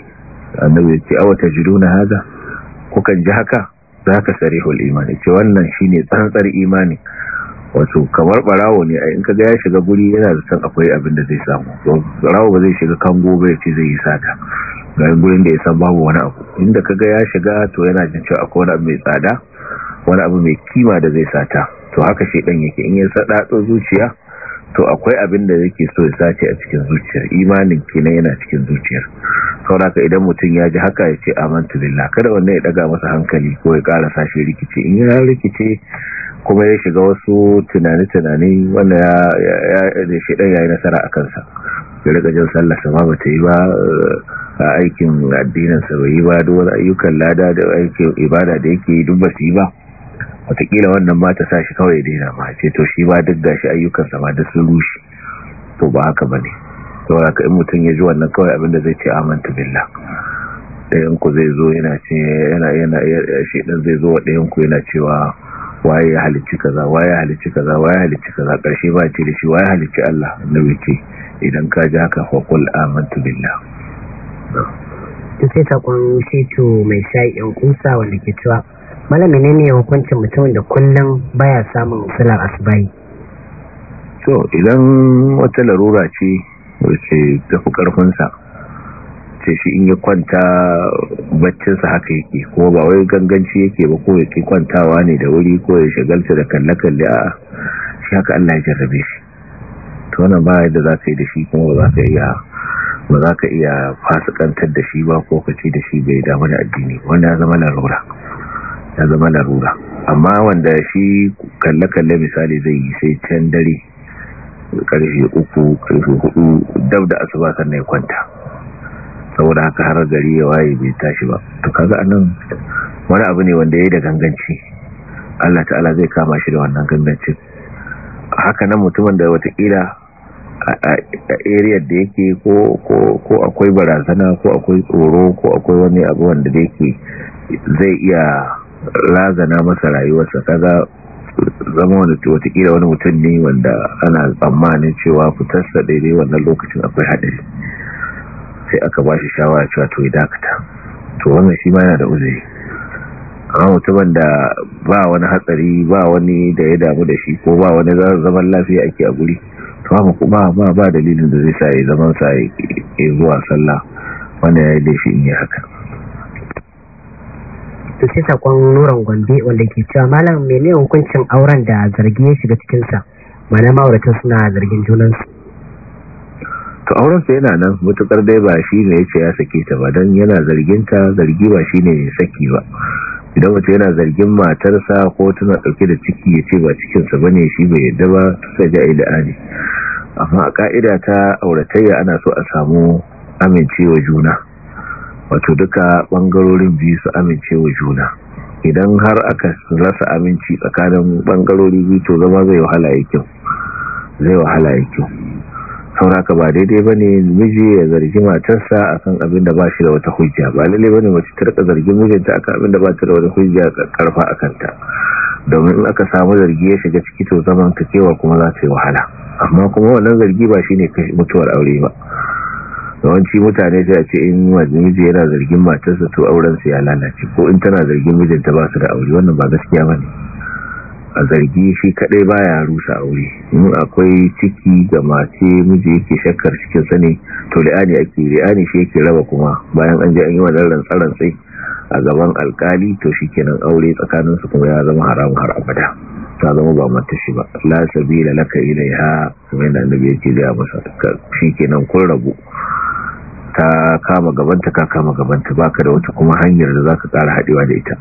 annabi ya ce awata na haza kukan ji haka za ka sarihul imani ce wannan shi shine tsantsar imani wato kamar barawo ne in ka ga ya shiga guri yana da san akwai abin da zai samu barawo ba zai shiga kango ba ya ce zai yi sata ga gurin da ya san babu wani abu inda ka ga ya shiga to yana jin cewa akwai wani abu mai tsada wani abu mai kima da zai sata to haka shi ɗan yake in ya sadatso zuciya to akwai abin da yake so ya sace a cikin zuciyar imanin kenan yana cikin zuciyar haka idan mutum ya ji haka ya ce amantu billah kada wannan ya daga masa hankali ko ya ƙara sashi rikice in ya rikice kuma ya shiga wasu tunani-tunani wanda ya ɗan ya yi nasara a kansa ya rika jin sallah ba ta yi ba a aikin addinin sa bai yi ba duk ayyukan lada da aikin ibada da yake yi duk ba yi ba watakila wannan ma sa shi kawai daina ma ce to shi ba duk gashi ayyukansa sama da sun rushe to ba haka ba ne saboda haka in mutum ya ji wannan kawai abinda zai ce amanta billah ɗayan ku zai zo yana ce yana yana shi dan zai zo wa ɗayan ku yana cewa waye ya halicci kaza waye ya halicci kaza waye ya halicci kaza karshe ba ce da shi waye halicci Allah na ce idan ka ji haka fa qul amantu billah to sai ta kun shi to mai sha'i yan kusa wanda ke cewa malami ne ne hukuncin mutumin da kullum baya samun sula asibai so idan wata larura ce wacce tafi karfinsa ce shi in yi kwanta baccinsa haka yake ko ba wai ganganci yake ba ko yake kwantawa ne da wuri ko ya shagalta da kalle-kalle a shi haka Allah ya jarrabe shi to wannan ba yadda za ka yi da shi kuma ba za ka iya ba za ka iya fasikantar da shi ba ko kace da shi bai damu da addini wanda ya zama larura ya zama larura amma wanda shi kalle-kalle misali zai yi sai can dare karfe uku karfe hudu dab da asuba sannan ya kwanta saboda haka har gari ya waye bai tashi ba to kaga anan wani abu ne wanda ya yi da ganganci Allah ta'ala zai kama shi da wannan gangancin haka nan mutumin da watakila a area da yake ko akwai barazana ko akwai tsoro ko akwai wani abu wanda da yake zai iya razana masa rayuwarsa kaga zama wani watakila wani mutum ne wanda ana tsammanin cewa fitarsa daidai wannan lokacin akwai haɗari sai aka ba shi shawara cewa to yi dakata to wannan shi ma yana da uzuri amma mutumin da ba wani hatsari ba wani da ya damu da shi ko ba wani zaman lafiya ake a guri to ba ba ba dalilin da zai sa ya zaman sa ya zuwa sallah wanda ya yi laifi in yi haka to sai sakon nuran gombe wanda ke cewa malam mene hukuncin auren da zargi ya shiga cikinsa mana ma'auratan suna zargin junansu to auren sa yana nan mutukar dai ba shi ne yace ya sake ta ba dan yana zargin ta zargi ba shi ne ya saki ba idan mutum yana zargin matarsa ko tana dauke da ciki yace ba cikinsa sa ne shi bai yarda ba to sai ja ila amma a ka'ida ta auratayya ana so a samu amincewa juna wato duka bangarorin biyu su amince wa juna idan har aka rasa aminci tsakanin bangarori biyu to zama zai wahala ya kyau zai wahala ya sauraka ba daidai ba ne miji ya zargi matarsa akan abin da ba shi da wata hujja ba lalle bane mace tarka zargin mijinta kan abin da ba shi da wata hujja karfa a kanta domin in aka samu zargi ya shiga ciki to zaman ka kewa kuma za ta yi wahala amma kuma wannan zargi ba shi ne mutuwar aure ba yawanci mutane sai a ce in miji yana zargin matarsa to aurensa ya lalace ko in tana zargin mijinta ba su da aure wannan ba gaskiya ba ne a zargi shi kadai baya rusa aure in akwai ciki ga mace miji yake shakkar cikin sa ne to li'ani ake li'ani shi yake raba kuma bayan an je an yi wannan rantsaran sai a gaban alkali to shikenan aure tsakanin su kuma ya zama haramun har abada ta zama ba mata shi ba la sabila laka ilaiha kuma yana nabi yake ga masa shikenan kun rabu ka kama gabanta ka kama gabanta baka da wata kuma hanyar da zaka kara haɗewa da ita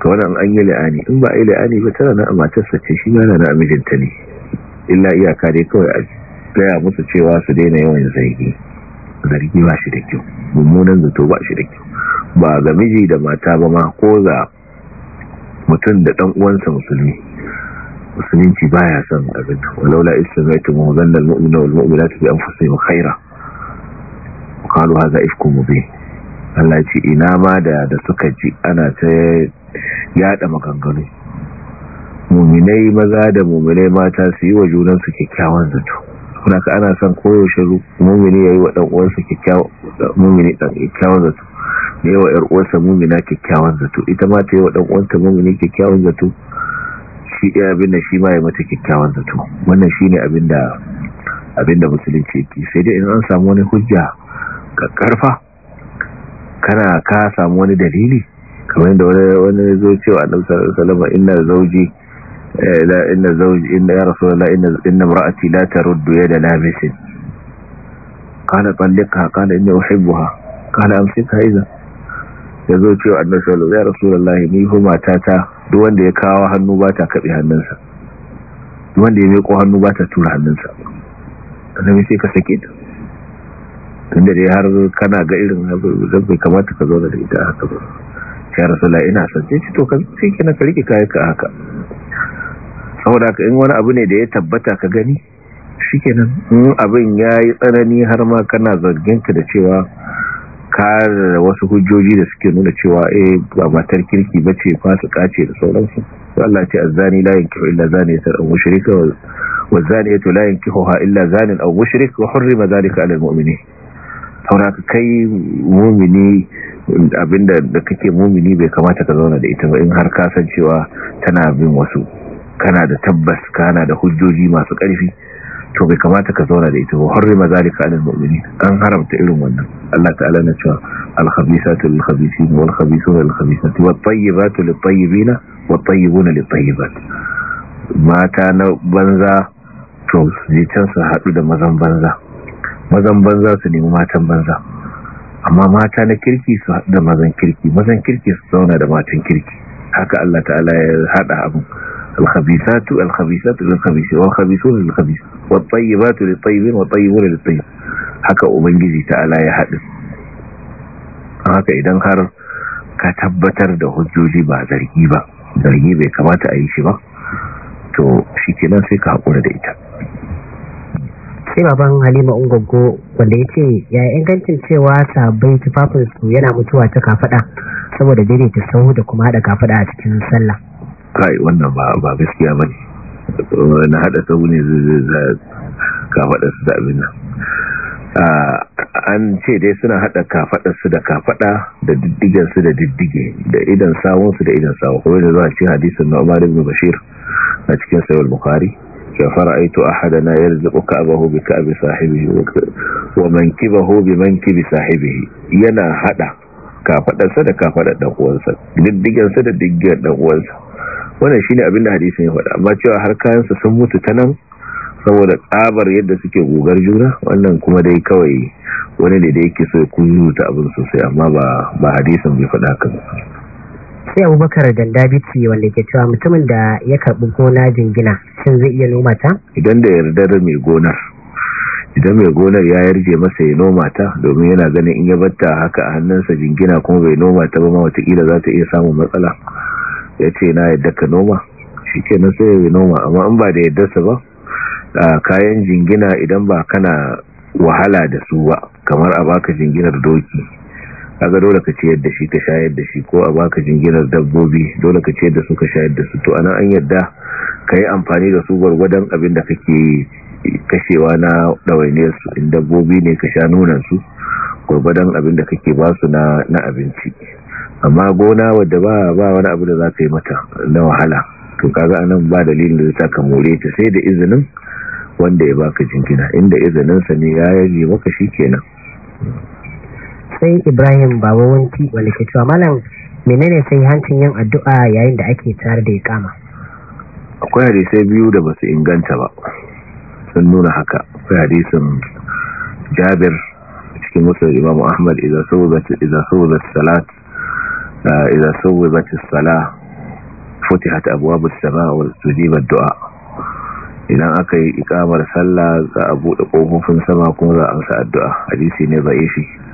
to wannan an yi la'ani in ba a yi la'ani ba tana na matarsa ce shi yana na mijinta ne illa iyaka dai kawai a gaya musu cewa su daina yawan zargi zargi ba shi da kyau mummunan zato ba shi da kyau ba ga miji da mata ba ma ko ga mutum da ɗan uwansa musulmi musulunci baya son abin walaula islamaitu mu zanna almu'minu wal bi anfusihim khaira qalu hadha mu mubin Allah ce ina ma da da suka ji ana ta yada maganganu muminai maza da muminai mata su yi wa junansu kyakkyawan zato kuna ka ana son koyaushe mumini ya yi wa dan kyakkyawan zato da yawa uwansa mumina kyakkyawan zato ita ma ta yi wa dan uwanta mumini kyakkyawan zato shi ya abin da shi ma ya mata kyakkyawan zato wannan shi ne abin da musulunci yake sai dai in an samu wani hujja karfa kana ka samu wani dalili kamar yadda wani zo cewa annabi sallallahu alaihi inna zawji eh, la inna zawji inna ya rasulullah inna inna imra'ati la taruddu yada labisin qala talliqha qala inni uhibbuha qala amsikha idha yazo cewa annabi sallallahu alaihi rasulullah ni ko ta duk wanda ya kawo hannu ba ta kabe hannunsa duk wanda ya miƙo hannu ba ta tura hannunsa annabi sai ka sake ta tunda dai har kana ga irin zan bai kamata ka zo da ita haka ba ya rasula ina san ce to ka sai kina ka rike kai ka haka saboda ka in wani abu ne da ya tabbata ka gani shikenan in abin ya yi tsanani har ma kana zargin ka da cewa kare wasu hujjoji da suke nuna cewa eh ba matar kirki bace fasika ce da sauransu Allah ce azani la yankihu illa zani ya aw mushrika wa tu la ha illa zanin al mushrik wa hurrima zalika 'ala al-mu'minin saboda ka kai mumini abinda da kake mumini bai kamata ka zauna da ita ba in har kasancewa cewa tana bin wasu kana da tabbas kana da hujjoji masu ƙarfi to bai kamata ka zauna da ita ba rima zalika alal mu'minin an haramta irin wannan Allah ta'ala na cewa al-khabisatu lil-khabisin wal-khabisuna lil-khabisati wat-tayyibatu lit-tayyibina wat-tayyibuna lit-tayyibat mata na banza to je can su haɗu da mazan banza mazan banza su nemi matan banza amma mata na kirki su da mazan kirki mazan kirki su zauna da matan kirki haka Allah ta'ala ya hada abu الخبيثات الخبيثات للخبيثين والخبيثون للخبيثين والطيبات للطيبين lit-tayyib haka ubangiji ta'ala ya hada haka idan har ka tabbatar da hujjoji ba zargi ba zargi bai kamata a yi shi ba to shi kenan sai ka haƙura da ita sai baban halima ungogo wanda ya ce ya ingancin cewa sabai tufafinsu yana mutuwa ta kafada saboda daidaita sahu da kuma haɗa kafada a cikin sallah kai wannan ba gaskiya ba ne na haɗa sahu ne zai kafada su da abin nan an ce dai suna haɗa kafada su da kafada da diddigen su da diddige da idan sawun su da idan sawun kuma da zuwa cikin hadisun na umar ibn bashir a cikin sayar bukari فرأيت أحدنا يرزق كأبه bi صاحبه ومنكبه بمنكب Yana ينا ka kafadarsa da kafadar dan uwansa diddigensa da diggen dan uwansa wannan shine abin da hadisin ya faɗa amma cewa har kayansa sun mutu ta nan saboda tsabar yadda suke gogar juna wannan kuma dai kawai wani da yake so ya kunyu ta abin sosai amma ba ba hadisin bai faɗa kan sai abubakar dabiti wanda ke cewa mutumin da ya karbi gona jingina shin zai iya noma ta idan da yardar mai gonar idan mai gonar ya yarje masa ya noma ta domin yana ganin in ya batta haka a hannunsa jingina kuma bai noma ta ba ma watakila za ta iya samun matsala ya ce na yadda ka noma shi ke nan sai ya noma amma in ba da yaddarsa ba a kayan jingina idan ba kana wahala da su ba kamar a baka jinginar doki a ga dole ka ciyar da shi ka shayar da shi ko a baka jinginar dabbobi dole ka ciyar da su ka shayar da su to anan an yadda ka yi amfani da su gwargwadon abin da kake kashewa na ɗawainiyar su in dabbobi ne ka sha nunan su gwargwadon abin da kake ba su na abinci amma gona wadda ba ba wani abu da za ka yi mata na wahala to kaga anan ba dalilin da ta ka more ta sai da izinin wanda ya baka jingina inda izininsa ne ya yaje maka shi kenan. sai ibrahim baba wanti wani ke cewa malam menene sai hancin yin addu'a yayin da ake tare da ya ikama akwai hadisai biyu da basu inganta ba sun nuna haka akwai hadisin jabir cikin musul imam ahmad idza sawzat idza salat idza sawzat as-salah futihat abwabus samaa wa ba du'a idan aka yi ikamar sallah za a bude kofofin sama kuma za a amsa addu'a hadisi ne da'ifi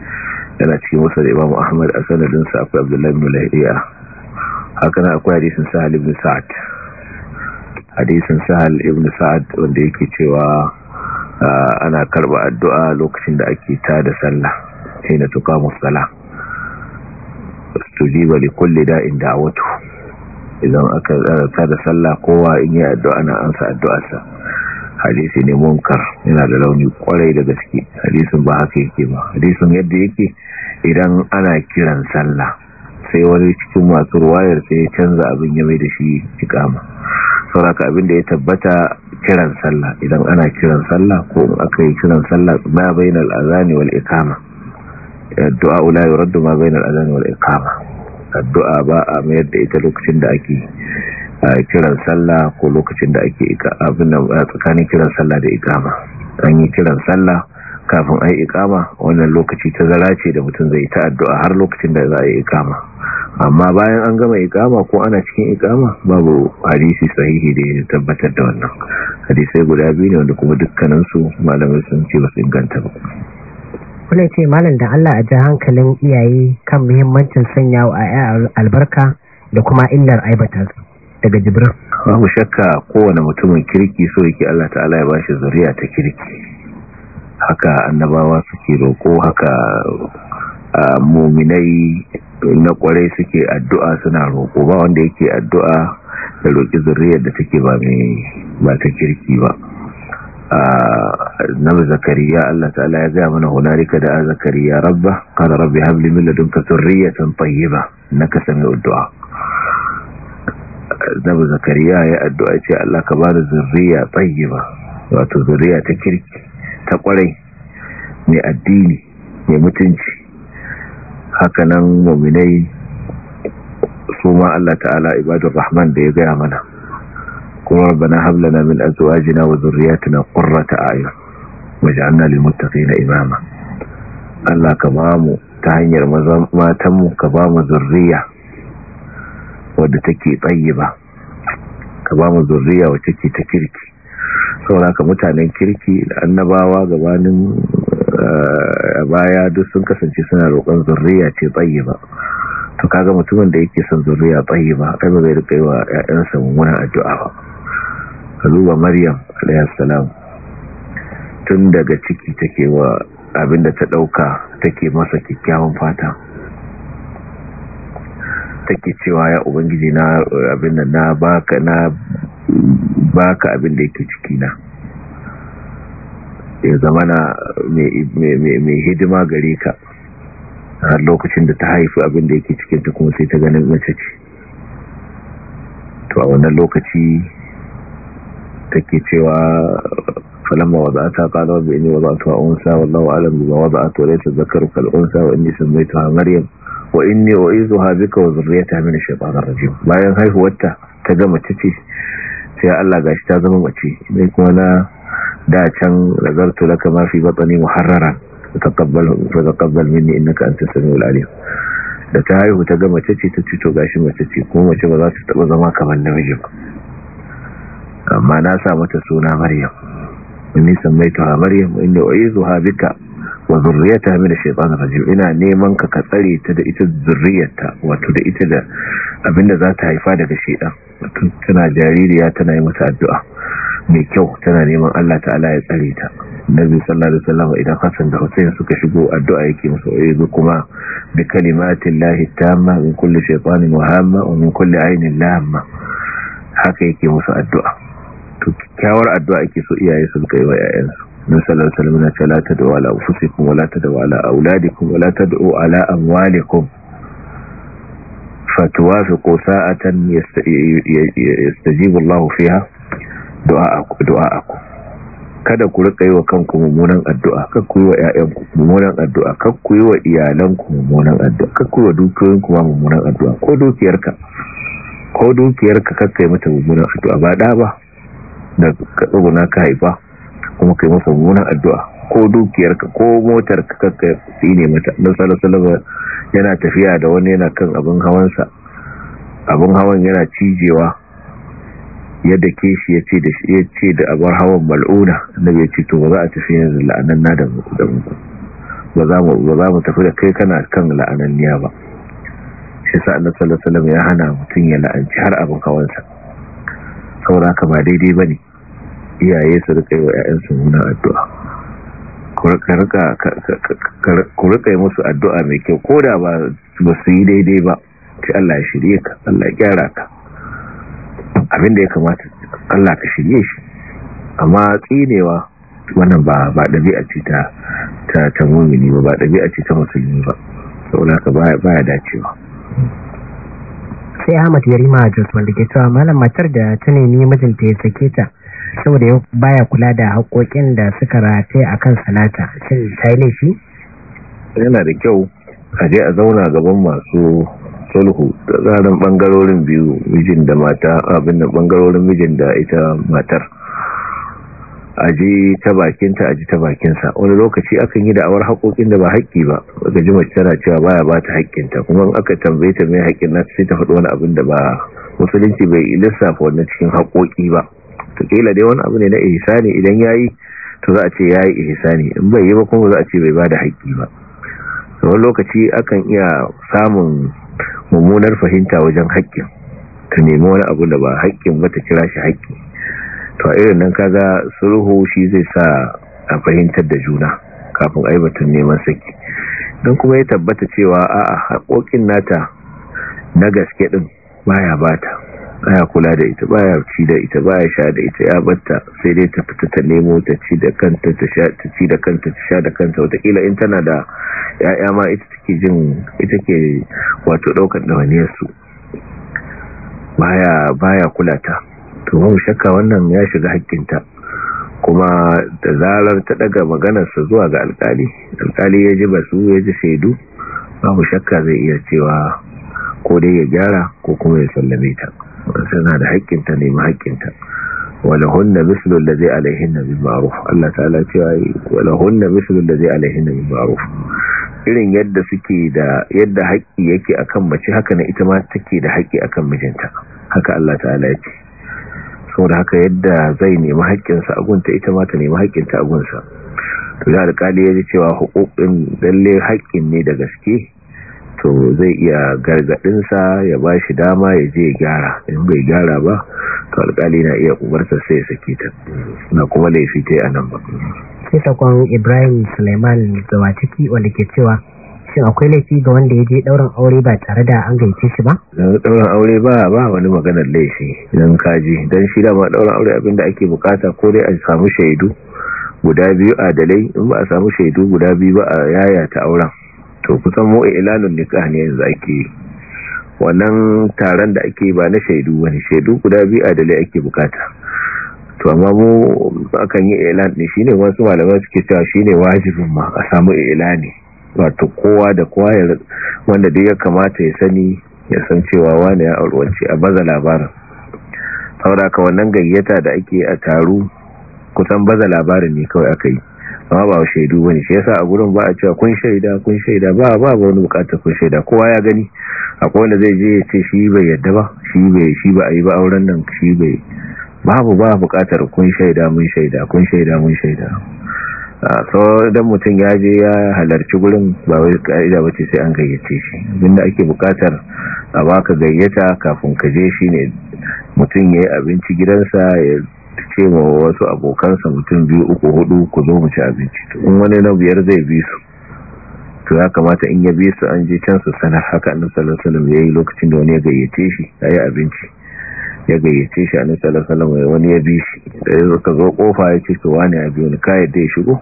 yana cikin wasu da imamu ahmad a sa akwai abdullahi bin lahiya haka na akwai hadisin sahal ibn sa'ad hadisin sahal ibn sa'ad wanda yake cewa ah, ana karba addu'a lokacin da ake ta da sallah hina tuka salah tujiba li kulli da'in da'awatu idan aka tsara ta da sallah kowa in yi addu'a ana ansa addu'arsa hadisi ne munkar yana da launi kwarai da gaske hadisin ba haka yake ba hadisin yadda yake idan ana kiran sallah sai wani cikin masu ruwayar sai ya canza abin ya mai da shi sau sauraka abin da ya tabbata kiran sallah idan ana kiran sallah ko aka yi kiran sallah ma bainal azani wal ikama addu'a la yuraddu ma bainal azani wal ikama addu'a ba a mayar da ita lokacin da ake kiran sallah ko lokacin da ake tsakanin kiran sallah da ikama an yi kiran sallah kafin a yi ikama wannan lokaci ta zara ce da mutum zai ta addu'a har lokacin da za a yi ikama amma bayan an gama ikama ko ana cikin ikama babu hadisi sahihi da ya tabbatar da wannan hadisai guda biyu ne wanda kuma dukkaninsu malamai sun ce ba su inganta ba kuna ce malam da Allah a ji hankalin iyaye kan muhimmancin sanya wa albarka da kuma illar aibatarsu daga jibril babu shakka kowane mutumin kirki so yake Allah ta'ala ya bashi zuriya ta kirki haka annabawa suke roko haka muminai na kwarai suke addu'a suna roko ba wanda yake addu'a da roki zuriya da take ba mai ba ta kirki ba nabi zakariya Allah ta'ala ya gaya mana hunarika da zakariya rabba qala rabbi hab li min ladunka dhurriyatan tayyiba innaka sami addu'a. annabi zakariya ya addu'a ce Allah ka bani zurriya tayyiba wato zurriya ta kirki ta kwarai mai addini mai mutunci haka nan mu'minai su ma Allah ta'ala Ibadun rahman da ya gaya mana kuma rabbana hab lana min azwajina wa dhurriyyatina qurrata a'yun waj'alna lil muttaqina imama Allah ka ba mu ta hanyar matanmu ka ba mu zurriya wadda take tsayi ba ka ba mu zurriya wacce ke ta kirki ka mutanen kirki da annabawa gabanin eh, a baya duk sun kasance suna roƙon zurriya ce tsayi ba to kaga mutumin da yake son zurriya tsayi ba kai ba zai rika yi wa 'ya'yansa mummunan addu'a ba ka duba maryam alayhi tun daga ciki take wa abinda ta ɗauka take masa kyakkyawan fata kake cewa ya ubangiji na abin da na baka na baka abin da yake ciki na ya zamana mai hidima gare ka a lokacin da ta haifi abin da yake cikin ta kuma sai ta ganin mace ce to a wannan lokaci take cewa falamma wada'ata qala wa inni wada'tuha unsa wallahu a'lam bima a wa laysa ta kal unsa wa inni ta maryam wa inni u'izuha bika wa zurriyataha min shaytanir rajim bayan haihuwarta ta gama tace sai Allah gashi ta zama mace dai kuma na da can nazartu laka ma fi batni muharrara taqabbal fa taqabbal minni innaka antas samiul alim da ta haihu ta gama tace ta cito gashi mace ce kuma mace ba za ta taba zama kamar namiji ba amma na sa mata suna maryam inni sammaituha maryam inni ha bika wa zurriyata min ash-shaytanir rajim ina neman ka ka tsare ta da ita zurriyarta wato da ita da abinda za ta haifa daga shaytan wato tana jaririya tana yi mata addu'a mai kyau tana neman Allah ta'ala ya tsare ta nabi sallallahu alaihi wasallam idan Hassan da Hussein suka shigo addu'a yake musu ayyuka kuma bi kalimatin lahi tamma min kulli shaytanin wahama wa min kulli aynin lamma haka yake musu addu'a to kyakkyawar addu'a ake so iyaye su kai wa 'ya'yansu na sallallahu alaihi wasallam ce la tad'u ala anfusikum wa la tad'u ala auladikum wa la tad'u ala amwalikum fatuwafiqu sa'atan yastajibu Allahu fiha du'a du'a'akum kada ku rika yi wa kanku mummunan addu'a kan ku yi wa ƴaƴanku mummunan addu'a kan ku yi wa iyalanku mummunan addu'a kan ku yi wa dukiyoyinku mummunan addu'a ko dukiyarka ko dukiyarka kakkai mata mummunan addu'a ba da ba da ka tsuguna ka haifa kuma kai masa munan addu'a ko dukiyarka ko motar ka kakka tsine mata don salasalaba yana tafiya da wani yana kan abin hawansa abin hawan yana cijewa yadda ke shi ya ce da shi ya ce da abar hawan mal'una na ya ce to ba za a tafi yanzu la'ananna da mutu ba za mu tafi da kai kana kan la'ananniya ba shi sa annabi sallallahu alaihi wasallam ya hana mutum ya la'anci har abin hawansa saboda ka ba daidai bane iyaye su rika yi wa 'ya'yansu nuna addu'a ku rika yi musu addu'a mai kyau ko da ba su yi daidai ba ce Allah ya shirye ka Allah ya gyara ka abinda ya kamata Allah ka shirye shi amma tsinewa wannan ba ba ɗabi'a ce ta ta ta mumini ba ba ɗabi'a ce ta musulmi ba saboda ka baya ya dacewa sai Ahmad Yarima Jos wanda ke cewa malam matar da ta nemi mijinta ya sake ta saboda yau baya kula da haƙoƙin da suka rataye akan kan sanata ta yi laifi yana da kyau a je a zauna gaban masu sulhu da tsarin bangarorin biyu mijin da mata abin da bangarorin mijin da ita matar a ji ta bakinta ji ta bakinsa wani lokaci akan yi da awar haƙoƙin da ba haƙƙi ba daga ji mace tana cewa baya ba ta haƙƙinta kuma aka tambaye ta mai haƙƙin na sai ta faɗi wani abin da ba musulunci bai lissafa wannan cikin haƙoƙi ba ta kila dai wani abu ne na ihsani idan yayi to za a ce yayi ihsani in bai yi ba kuma za a ce bai bada haƙƙi ba wani lokaci akan iya samun mummunar fahimta wajen haƙƙin ta nemi wani abu da ba haƙƙin ba ta kira shi haƙƙi to a irin nan kaga sulhu shi zai sa a fahimtar da juna kafin batun neman saki don kuma ya tabbata cewa a'a haƙoƙin nata na gaske din baya bata baya kula da ita baya ci da ita baya sha da ita ya batta sai dai ta fita ta nemo ta ci da kanta ta sha ta ci da kanta ta sha da kanta wataƙila in tana da ya'ya ma ita take jin ita ke wato ɗaukar ɗawaniyar su baya baya kula ta to mun shakka wannan ya shiga haƙƙinta kuma da zarar ta daga sa zuwa ga alƙali alƙali ya ji basu ya ji shaidu babu shakka zai iya cewa ko dai ya gyara ko kuma ya sallame ta suna da haƙƙinta nemi haƙƙinta walahunna mislu allazi alaihinna bil ma'ruf Allah ta'ala cewa walahunna mislu allazi alaihinna bil ma'ruf irin yadda suke da yadda haƙƙi yake akan mace haka ne ita ma take da haƙƙi akan mijinta haka Allah ta'ala ya ce saboda haka yadda zai nemi haƙƙinsa a gunta ita ma ta nemi haƙƙinta a gunsa to da alƙali ya ji cewa hukukin lalle haƙƙin ne da gaske to zai iya gargadinsa ya ba shi dama ya je gyara in bai gyara ba to alkali na iya umarta sai ya sake ta na kuma laifi ta a nan ba sai kwan ibrahim suleiman gawa ciki wanda ke cewa shin akwai laifi ga wanda ya je ɗaurin aure ba tare da an gaice shi ba? dauran aure ba ba wani maganar laifi idan kaji don shi dama ɗaurin aure da ake bukata ko dai a samu shaidu guda biyu adalai in ba a samu shaidu guda biyu ba a yaya ta auren to kusan mu ilalun nikah ne yanzu ake wannan taron da ake ba na shaidu wani shaidu guda biyu adalai ake bukata to amma mu akan yi ilan ne shine wasu malamai suke cewa shine wajibin ma a samu ilani wato kowa da kowa wanda dai ya kamata ya sani ya san cewa wani ya aurwance a baza labarin saboda ka wannan gayyata da ake a taru kusan baza labarin ne kawai aka yi amma ba shaidu bane shi yasa a gurin ba a cewa kun shaida kun shaida ba ba ba wani bukatar kun shaida kowa ya gani akwai wanda zai je ya ce shi bai yadda ba shi bai shi ba a yi ba auren nan shi bai babu ba bukatar kun shaida mun shaida kun shaida mun shaida so dan mutum ya je ya halarci gurin ba wai ka'ida bace sai an gayyace shi inda ake bukatar a baka gayyata kafin ka je shine mutum yayi abinci gidansa ya ce wa wasu abokansa mutum biyu uku hudu ku zo mu ci abinci to in wani na biyar zai bi su to ya kamata in ya bi su an je can su sanar haka annabi sallallahu alaihi wasallam yayi lokacin da wani ya gayyace shi yayi abinci ya gayyace shi annabi sallallahu alaihi wasallam wani ya bi shi da ya ka zo kofa ya ce to wani ya biyo ni ka yadda ya shigo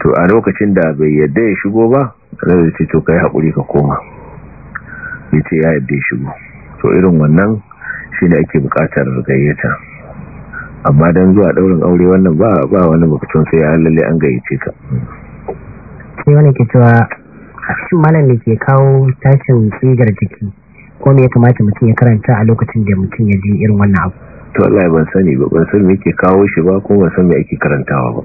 to a lokacin da bai yadda ya shigo ba sai ya ce to kai hakuri ka koma ya ce ya yadda ya shigo to irin wannan shine ake bukatar gayyata amma don zuwa daurin aure wannan ba ba wani bukatun sai ya lalle an gayyace ka sai wani ke cewa cikin malam da ke kawo tashin tsigar jiki ko me ya kamata mutum ya karanta a lokacin da mutum ya ji irin wannan abu to Allah ban sani ba ban san me yake kawo shi ba ko ban san me ake karantawa ba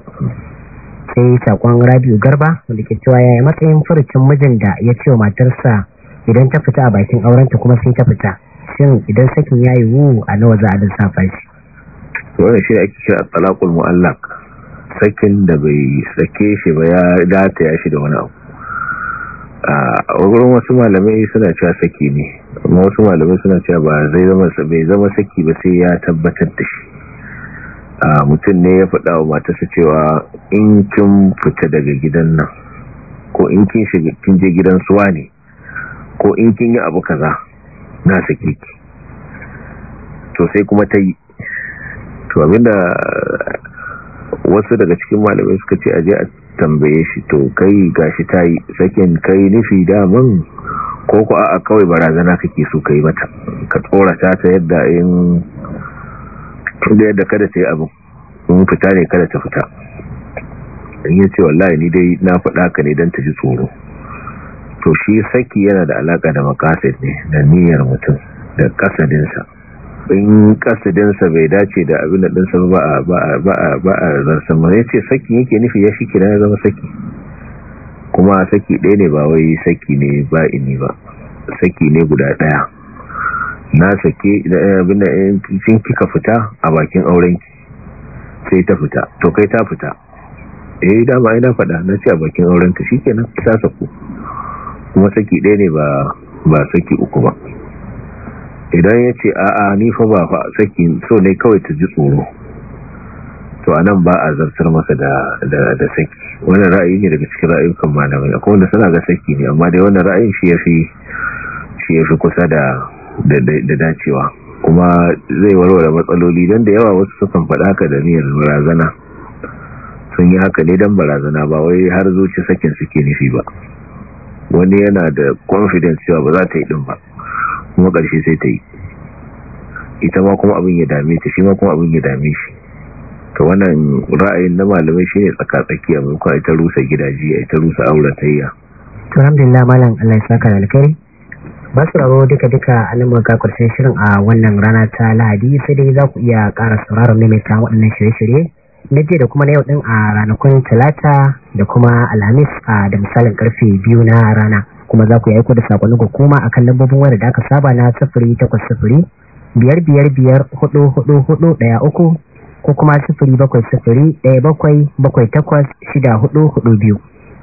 sai sakon Rabiu Garba wanda ke cewa yayi matsayin furucin mijin da ya ce wa matarsa idan ta fita a bakin aurenta kuma sai ta fita shin idan sakin yayi wu a nawa za a lissafa shi wannan shi ake kira talaqul mu'allaq sakin da bai sake shi ba ya data ya shi da wani abu a wurin wasu malamai suna cewa saki ne amma wasu malamai suna cewa ba zai zama bai zama saki ba sai ya tabbatar da shi a mutum ne ya faɗa wa matarsa cewa in kin fita daga gidan nan ko in kin shiga kin je gidan suwa ne ko in kin yi abu kaza na sake ki to sai kuma ta yi to abinda wasu daga cikin malamai suka ce aje a tambaye shi to kai gashi ta yi sakin kai nufi damun ko ko a kawai barazana kake so kai mata ka tsorata ta yadda in tunda yadda kada ta yi abu in fita ne kada ta fita in yi ce wallahi ni dai na faɗa ka ne don ta ji tsoro to shi saki yana da alaka da makasid ne da niyyar mutum da kasadinsa in sa bai dace da abin da ɗinsa ba a ba ba a ransan ya ce saki yake nufi ya shike da ya zama saki kuma saki ɗaya ne ba wai saki ne ba ini ba saki ne guda ɗaya na sake abin da cin kika fita a bakin aurenki sai ta fita to kai ta fita eh dama ina faɗa na ce a bakin aurenka shi kenan ta sako kuma saki ɗaya ne ba ba saki uku ba idan ya ce a'a ni fa ba fa saki so ne kawai ta ji tsoro to a nan ba a zartar masa da saki wannan ra'ayi ne daga cikin ra'ayukan malamai akwai wanda suna ga saki ne amma dai wannan ra'ayin shi ya fi kusa da dacewa kuma zai warware matsaloli don da yawa wasu sukan faɗa haka da niyyar barazana sun yi haka ne don barazana ba wai har zuci sakin suke nufi ba wani yana da confidence cewa ba za ta yi ɗin ba kuma ƙarshe sai ta yi ita ma kuma abin ya dame ta shi ma kuma abin ya dame shi Ta wannan ra'ayin na malamai shine a mun a ita rusa gidaje a ita rusa auratayya to alhamdulillah malam Allah ya saka da Ba su rabo duka duka anan ga kwarshen shirin a wannan rana ta Lahadi sai dai za ku iya ƙara sauraron mai ta waɗannan shirye-shirye na jiya da kuma na yau ɗin a ranakun Talata da kuma Alhamis a da misalin karfe biyu na rana kuma za ku aiko da sakonnin ku kuma akan lambobin wani da aka saba na uku? ko kuma biyu?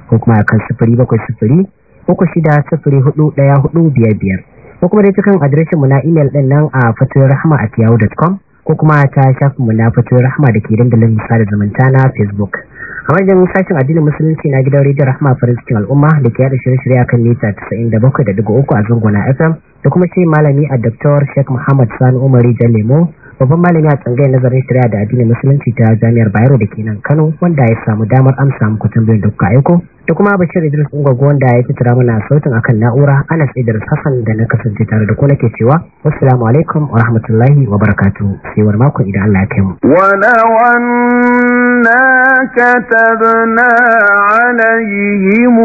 ko kuma akan 0700 uku shida sufuri hudu daya hudu biyar biyar ko kuma dai cikin adireshin mu na imel din nan a fatoyin rahama at yahoo.com ko kuma ta shafin mu na fatoyin rahama da ke dandalin misali zumunta na facebook a wajen sashen addinin musulunci na gidan rediyo rahma farin cikin al'umma da ke yada shirye-shirye akan mita uku a zunguna fm da kuma shi malami a dr sheikh muhammad sani Umar, jan lemo babban malami a tsangayin nazarin shirya da addinin musulunci ta jami'ar bayero da ke nan kano wanda ya samu damar amsa mu kutun da kuka aiko da kuma bashir idris ungwaggo wanda ya fitira mana sautin akan na'ura anas idris hassan da na kasance tare da ku nake cewa wassalamu alaikum wa rahmatullahi wa barakatu sai war mako idan allah ya kai mu كتبنا عليهم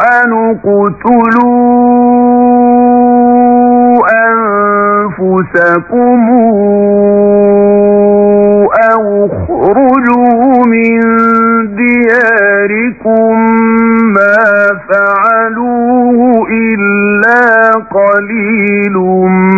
أن اقتلوا أنفسكم أو اخرجوا من دياركم ما فعلوه إلا قليل منهم